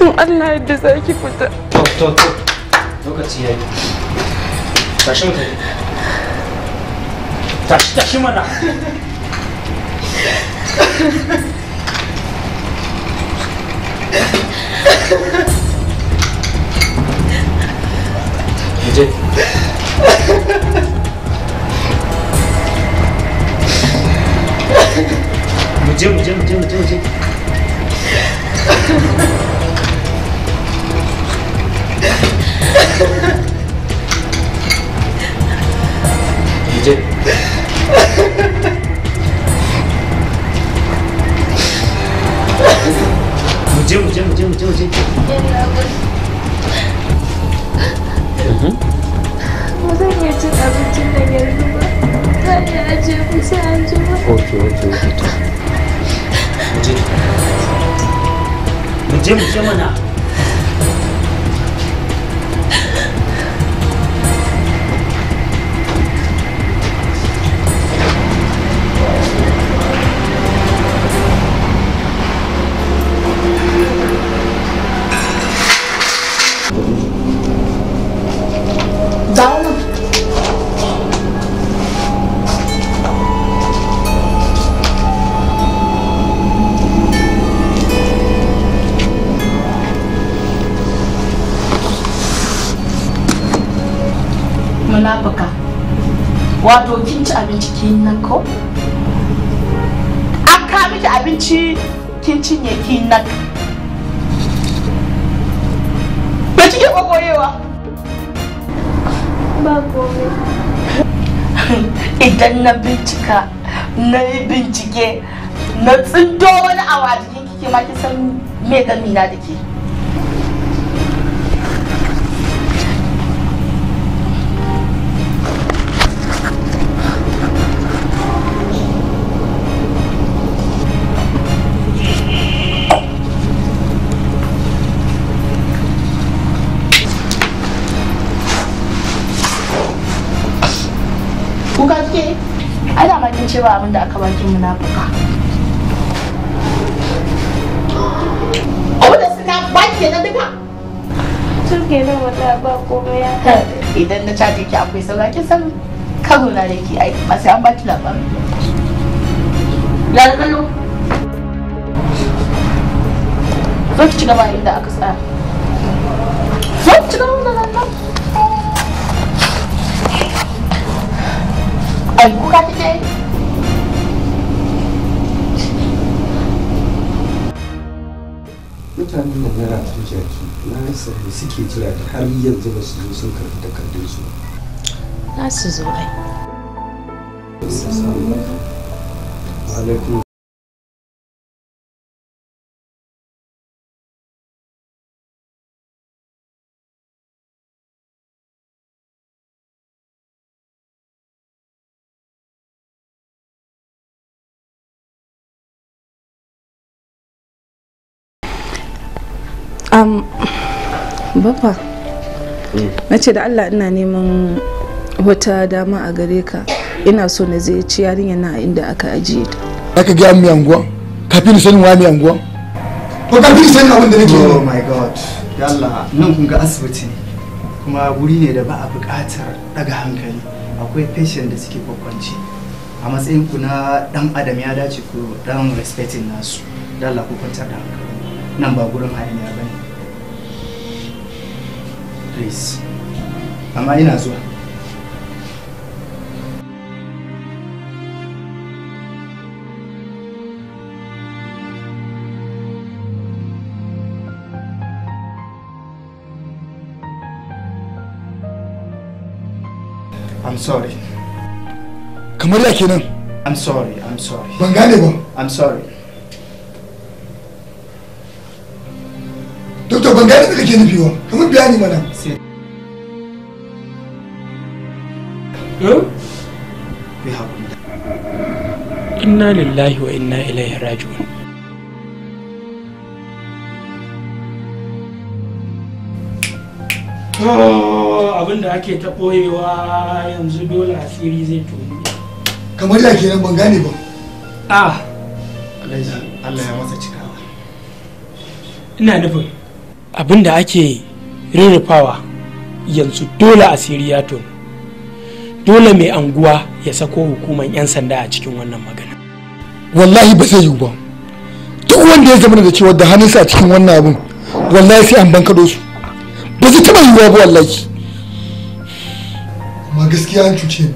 in Allah yadda za ki fita. To, 이제 무지 무지 무지 무지
무지 ba
zan iya cin mana wato kin ci abinci kin nan ko an ka miki abinci kin cinye kin nan ba ga kokoyewa ba <laughs> idan na bincika na yi bincike na tsindo wani awa jikin kike ma kin san me gamina da ke
ce ba abinda aka baki munafuka
abu da suka baki na duka turke ke nan wata ba komai ya
idan na caje ki akwai saura ki san kano na da ki ai ba sai an baki labarin
lalalo zo ki ci gaba inda aka tsaya zo ki ci gaba da lalalo ai kuka kike
mutanen da naira sun jaki na rasa da suke jira da har yanzu ba su zo sun karfi da kardin su
na su zo
ai
um,
na ce da allah ina neman wata dama a gare ka ina so na zai ci yarinya na inda aka ajiye ta
aka gaya mu yanguwa kafin sanin wa mu yanguwa ko kafin sanin abin da nake oh my god yalla nan kun ga asibiti kuma wuri ne da ba a buƙatar daga hankali akwai patient da suke kwakwanci a matsayin ku na dan adam
ya dace ku dan respecting nasu yalla ku kwantar da hankali nan ba gurin a bane please amma ina zuwa
I'm sorry. Kamar ya kenan? I'm sorry, I'm sorry. Ban gane ba. I'm sorry. Dokta ban gani da kake nufi ba, biya ni mana. Inna
lillahi wa inna ilaihi raji'un.
abin da ake ta
ɓoyewa yanzu dole asiri zai tuni. Kamar ya kenan ban gane ba. Ah, Allah ya masa cikawa.
Ina nufin
abin da ake rurrufawa yanzu dole a ya dole mai anguwa ya sako hukuman 'yan sanda a cikin wannan magana
wallahi ba zai yiwu ba duk wanda ya zama da cewa da hannunsa a cikin wannan abin wallahi sai an bankaɗo su ba zai taɓa yiwuwa ba wallahi amma gaskiya an cuce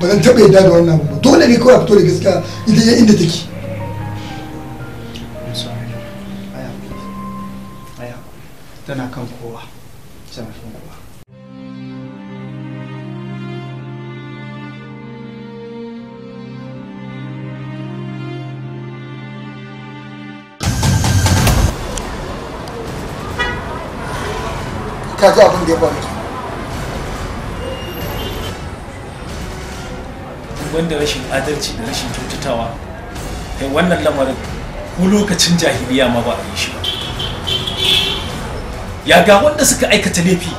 ba zan taɓa yadda da wannan abin ba dole ne kawai a fito da gaskiya ita inda take tana kan kowa tana kan kowa ka ji abin da ya
faru wanda rashin adalci da rashin kyautatawa kai wannan lamarin ko lokacin jahiliya ma ba a yi shi ba ya ga wanda suka aikata laifi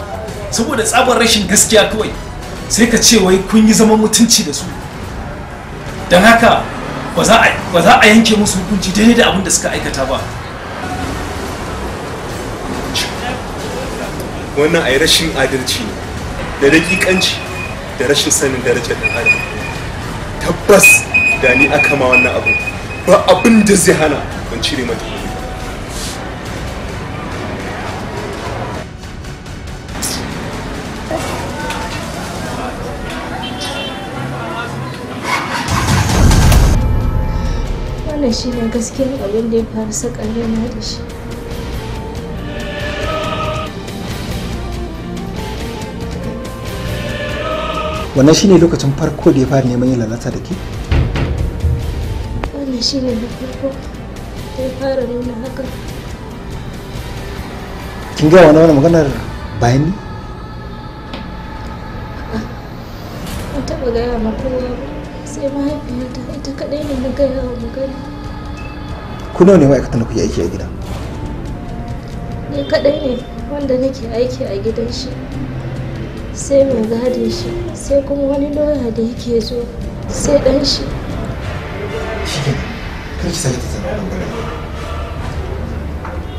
saboda tsabar rashin gaskiya kawai sai ka ce wai kun yi zaman mutunci da su don haka ba za a yanke musu hukunci daidai da abin da suka aikata ba
wannan a rashin adalci ne da dakikanci
da rashin sanin darajar ɗan adam tabbas da ni aka ma wannan abin ba abin da zai hana ban cire mata
wannan shi ne gaskiyar abin da ya faru na da shi
wannan shi ne lokacin farko da ya fara neman yin lalata da ke?
wannan shi ne farko da ya fara nuna haka
kin gaya wani wani maganar bayan ni?
an taɓa gaya ma kowa sai mahaifiyata ita kaɗai ne na gaya wa magana
ku nawa ne ma'aikatan da kuke aiki a gida
ni kadai ne wanda nake aiki a gidan shi sai mai gadi shi sai kuma wani lawyer da yake zo sai dan shi
shi ke kar ki sake ta zama wannan gurin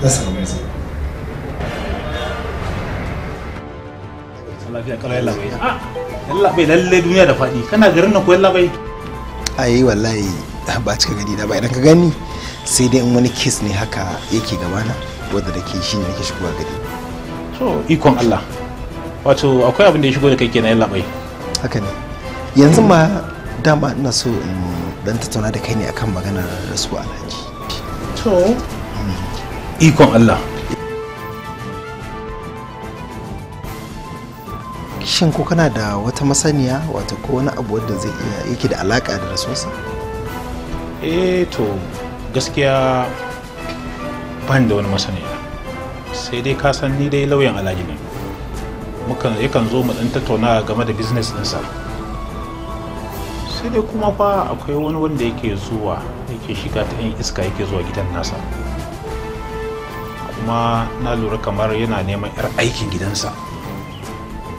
za su mai
zai
lafiya kalau yalla bai ah, yalla
lalle duniya da faɗi kana garin nan ko yalla bai
ayi wallahi ba cika gani da ba idan ka gani sai dai in wani kis ne haka yake gabana wanda da ke shi ne yake shigowa gari to ikon Allah
wato akwai abin da ya shigo da kai kenan
labai haka ne yanzu ma dama ina so in dan tattauna da kai ne akan maganar rasuwa alhaji to hmm. ikon Allah shin ko kana
da wata masaniya wato ko wani abu wanda zai iya yake da alaka da rasuwarsa eh to gaskiya ban da wani masaniya
sai dai ka san ni dai lauyan alhaji ne mukan yakan zo mu dan tattauna game da business ɗinsa sai dai kuma fa akwai wani wanda yake zuwa yake shiga ta yan iska yake zuwa gidan nasa kuma na lura kamar yana neman 'yar aikin gidansa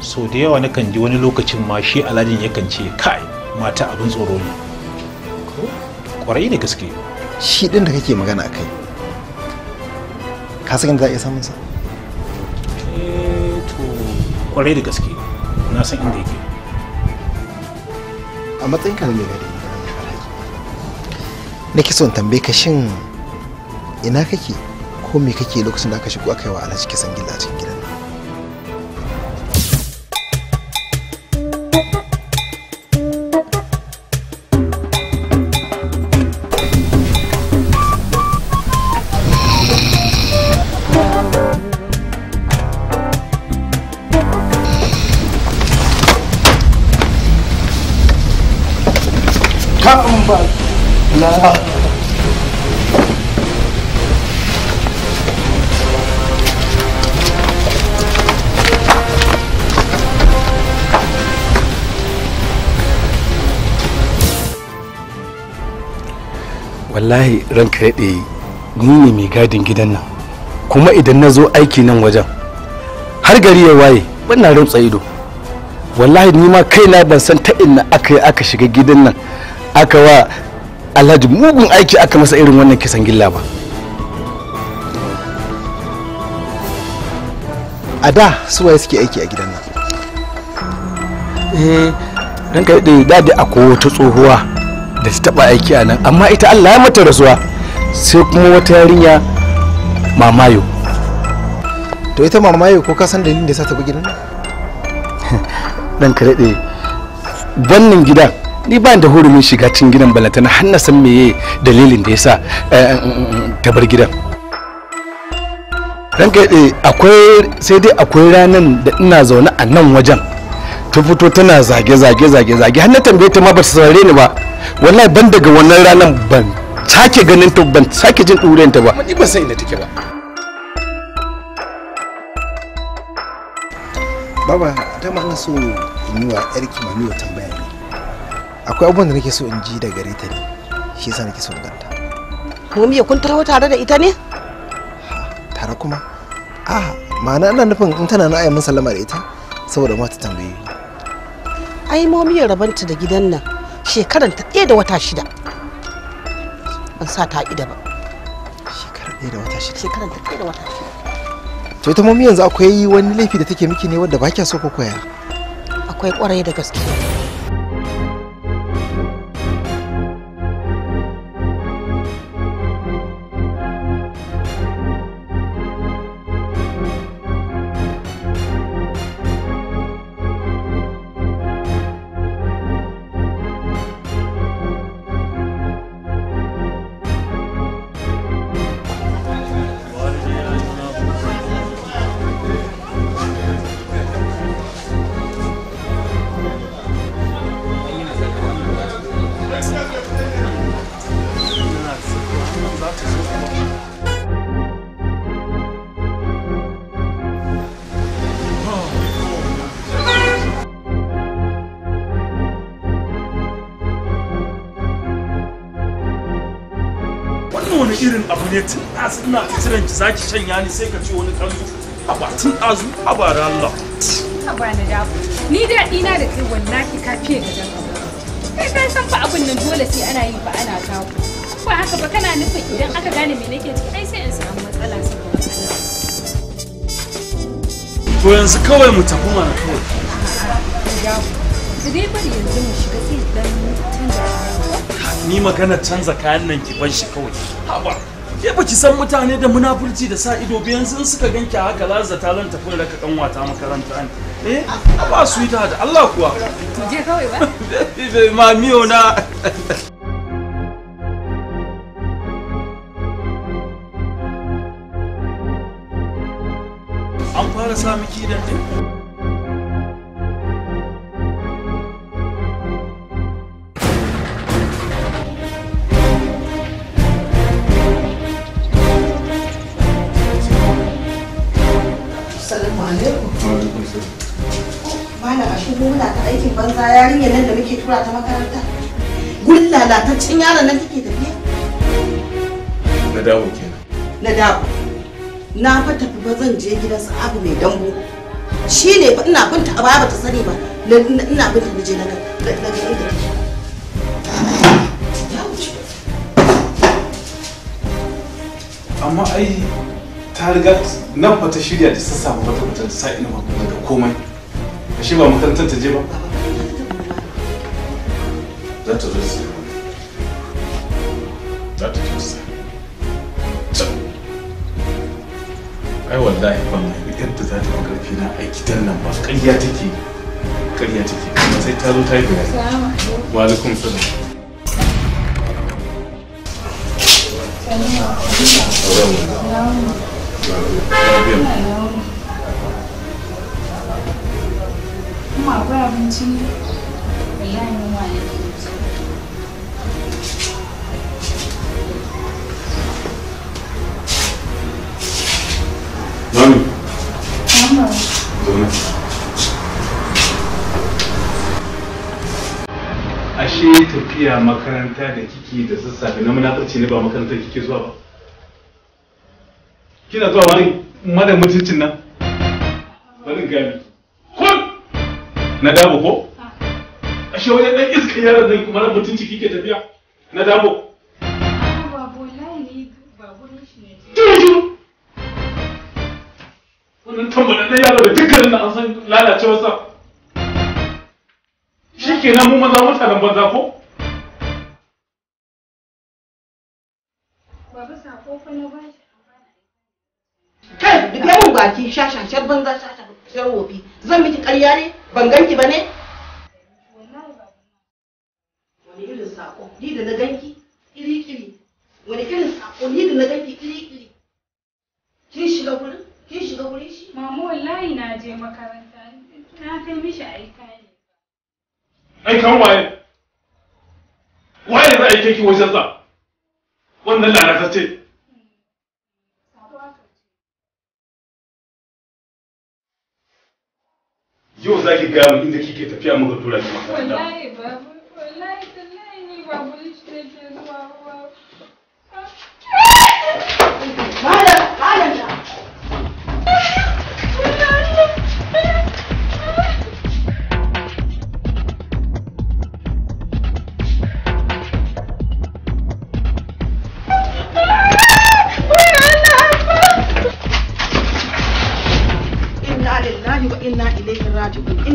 Sau da yawa nakan ji wani lokacin ma shi alhajin yakan ce kai mata abin tsoro ne
kwarai ne gaske shi din da kake magana kai ka san da za a iya samun sa eh, to kwarai da gaske na san inda yake a matsayin ka ne gari ne ki son tambaye ka shin ina kake ko me kake lokacin da aka shigo aka yi wa alhaji kisan gilla cikin gida
wallahi ranka ya ɗaya ni ne mai gadin gidan nan kuma idan na zo aiki nan wajen har gari ya waye bana rantsa ido wallahi ni ma kaina ban san ta inna aka aka shiga gidan nan aka wa alhaji mugun aiki aka masa irin wannan kisan gilla ba a da suwaye suke aiki a gidan nan eh don ka da dadi a wata tsohuwa da ta taba aiki a nan amma ita allah ya mata rasuwa sai kuma wata yarinya mamayo
to ita mamayo ko ka san dalilin da sa ta bi gidan nan
dan <laughs> ka daɗe wannan gidan ni ba da hurumin shiga cikin gidan balantana har na san meye dalilin da yasa eh, eh, ta bar gidan kai akwai sai dai akwai ranan da ina zaune a nan wajen ta fito tana zage zage zage zage har na tambaye ta ma ba ta saurare ni ba wallahi ban daga wannan ranan ban sake ganin ta ban sake jin ɗuriyar ta ba ni ban san ina take ba
baba dama so in yi wa yarki mami wa akwai abubuwan da nake so in ji da gare ta ne shi yasa nake so in ganta
momi kun tarawa tare da ita ne
tare kuma a ma'ana ina nufin in tana na ayyamin sallama da ita saboda ma ta tambaye
ai mu ya rabanta da gidan nan shekaran ta ɗaya da wata shida ban sa ta ida ba
shekaran ɗaya da
wata shida shekaran ta ɗaya da wata shida to ita momi yanzu akwai wani laifi da take miki ne wanda ba kya so ko koya akwai kwarai da gaske shanya ni sai ka ce wani kanzu a batun azu a bara Allah.
A bara da Ni daɗi na da kai wallahi ka fiye ka dan Kai ka san fa abin nan dole sai ana yi ba ana kawo. Ba haka ba kana nufin idan aka gane me nake ciki ai sai in samu matsala saboda Allah.
To yanzu kawai mu tafi mana kawai.
Su dai bari yanzu mu shiga sai dan canza
Ni magana canza kayan nan ki ban shi kawai. Haba. ke ba ki san mutane da munafurci da sa ido biyan sun suka ganki haka lazza ta tafin tafi raka kanwata makaranta ne eh ba su yi da Allah kuwa to je kawai ba <laughs> ma miyo na
an fara sa miki idan
je gidan su abu mai dambu shi ne fa ina binta a baya ta sani ba ina binta na je na ga
amma ai ta riga
nan fa ta shirya da sassa ba ta fita ta sa ina ba daga komai ka shi ba makarantar ta je ba za ta zo
za ta zo ai wallahi wallahi yadda za ta fi karfi na a gidan nan ba ƙarya take ƙarya take kuma sai ta zo ta yi bayani wa alaikum salam
Kuma akwai abinci wallahi mun wane.
Mami. Zauna. Ashe tafiya makaranta da kike da sassafe
na munafurci ne ba makarantar kike zuwa ba. Kina zuwa wani madan mutuncin nan? Bari gami. Kun! Na dabo ko? Ashe wajen ɗan iska yaran nan kuma na mutunci kike tafiya? Na dabo.
Ba, wallahi ne ba gurin shi ne.
Wani wannan tambaɗaɗɗen yaro da dukkanin da an san lalacewarsa shi ke nan mu maza mutanen banza ko?
kai duk yawan baki shashan banza shashashar wofi zan miki karya ne ban ganki ba ne wani irin sako ni da na ganki iri iri wani irin sako ni da na ganki
iri iri kin shiga wurin Kin shiga wurin shi? wallahi na je makaranta. Na kai mishi aika ne.
Aikan waye? Waye za a aike ki wajen sa? Wannan ce. Yau za ki gano inda kike tafiya muka tura ki makaranta. Wallahi Malam, malam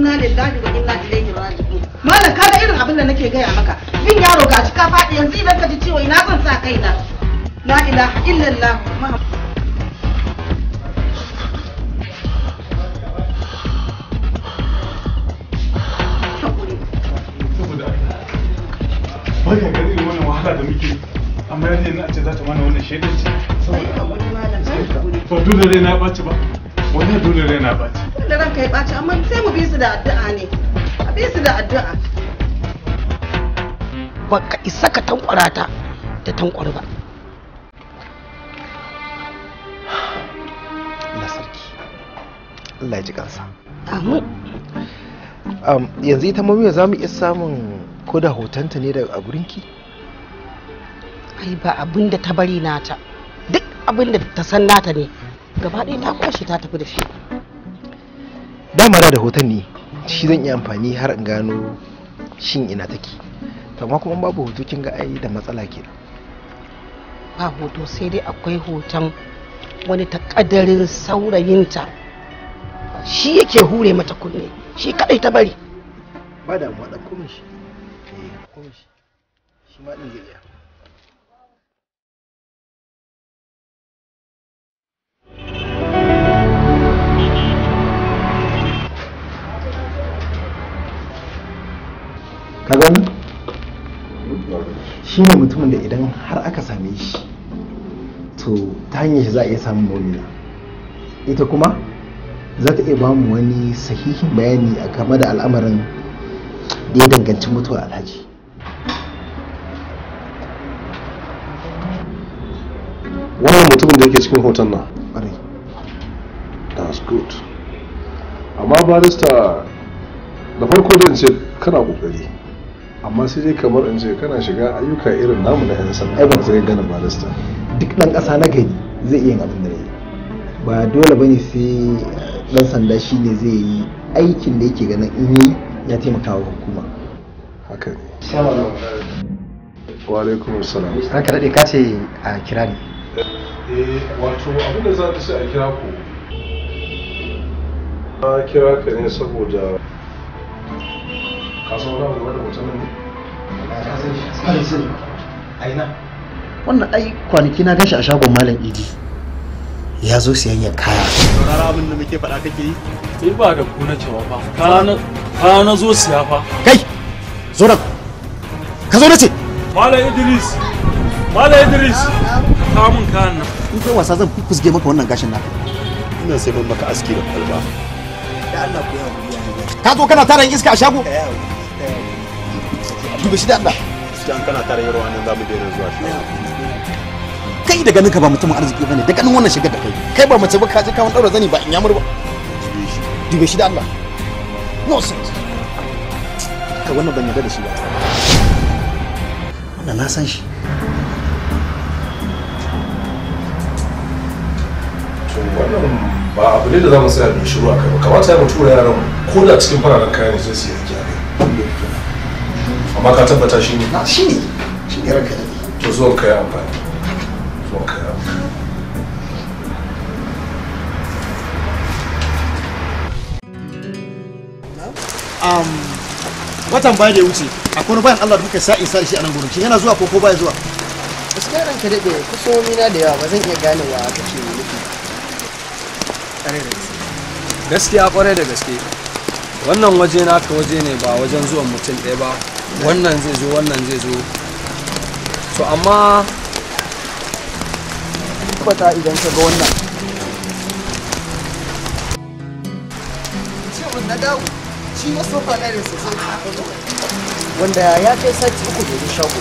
inna lillahi wa inna ilaihi raji'un malam ka irin abin da nake gaya maka bin yaro gashi ka faɗi yanzu idan ka ji ina zan sa la ilaha illallah
wannan wahala da muke amma ce za ta mana wannan
saboda
ba dole rai na ɓaci ba Wani dole rai na ɓaci
da ranka ya ɓaci amma sai mu bi su da addu'a ne a bi su da addu'a Ba ka isa ka tankwara ta
da tankwar ba Allah sarki Allah ya ji kansa amin yanzu ita mamiya za mu iya samun ko da hotonta ne daga gurinki
ai ba abin da ta bari nata duk abin da ta san nata ne gaba ɗaya ta kwashe ta tafi da shi
dama da hoton ne shi zan iya amfani har in gano shin ina take amma kuma babu hoto kin ga ai da matsala ke.
ba hoto sai dai akwai hoton wani takadarin saurayinta shi yake hure mata kunne shi kadai ta bari ba da mu da shi shi ma din zai iya ka gani shi ne mutumin da idan har aka same shi to ta hanyar shi za a iya samun momina ita kuma za ta iya bamu wani sahihin bayani a game da al'amarin da ya danganci mutuwa alhaji
wannan mutumin da yake cikin hoton nan
that's good amma barista da farko da ce kana ƙoƙari amma sai dai kamar in ce kana shiga ayyuka irin namu na yan sanda
ba sai gana barista duk dan kasa na gani zai iya yin abin da yi ba dole bane sai dan eh, sanda shi ne zai yi aikin da yake ganin in yi ya taimaka wa hukuma haka ne wa alaikum assalam an ka dade ka ce a kira ni
eh wato abin da za ta ce a kira ku a kira ka ne saboda
kasuwa wani ne wannan ai kwanaki na gashi a shagon malam idi ya zo siyan ya kaya saurara abin da muke faɗa kake yi sai ba da ku na cewa ba. kaya na zo siya fa kai zo ka zo na ce malam idris
malam idris kamun kayan nan
in kai wasa zan fuskuge maka wannan gashin naka ina sai maka aski da kwalba da Allah ku ya ka zo kana iska a shago dubi shi da Allah kana tare zamu daina zuwa shi
kai da ganin ka ba mutumin arziki bane da ganin wannan shigar da kai kai ba mace ba ka je ka zani ba in yamur ba dubi shi Allah no sense kai wannan ban yarda da shi ba
wannan na san shi
ba abu ne da za mu tsaya mai shiru a kai ba kamata ya mu tura yaran ko da cikin fararen kayan ne sai su a kai
amma ka tabbata shi ne na shi ne shi ne ranka to zuwan ka yi amfani zuwan ka yi amfani um, watan baya da ya wuce akwai bayan Allah da muka sa isa da shi a nan gurin shi yana zuwa ko ko baya zuwa
gaskiya ran ka dade kusomi mina da yawa ba zan iya gane wa kake nufi kare da gaske gaskiya kware da gaske wannan waje ka waje ne ba wajen zuwan mutum ɗaya ba wannan zai zo wannan zai zo to amma kwata idan ka ga wannan wanda ya kai sati uku da ya shago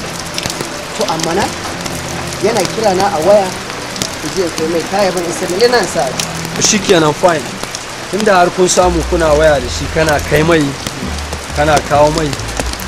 to amma na yana kira na a waya ku je kai mai kaya ban isa mai yana sa shi kenan fine tunda har kun samu kuna waya da shi kana kai mai kana kawo mai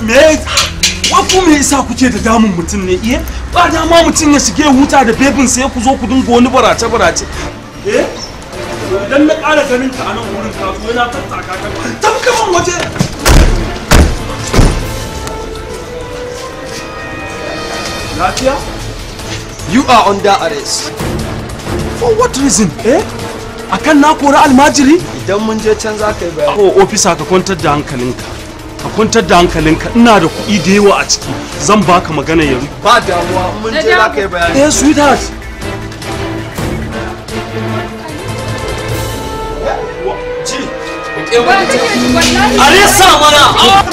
me ku me yasa kuke da damun mutum ne iye eh, ba dama mutum ya shige huta da bebin sai ku zo ku dinga wani barace barace eh idan na ƙara ganin ka a nan wurin ka zo yana tattaka ka tankaman waje lafiya you are under arrest for what reason eh kan na kori almajiri idan mun je can za ka yi bayani ko ofisa ka kwantar da hankalinka ka kwantar da hankalinka ina da kuɗi da yawa a ciki zan baka magana yanzu ba damuwa mun je za ka yi bayani eh sweetheart
Arisa mana!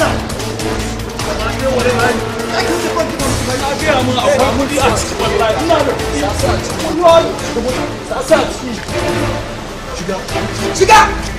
Shiga! Shiga!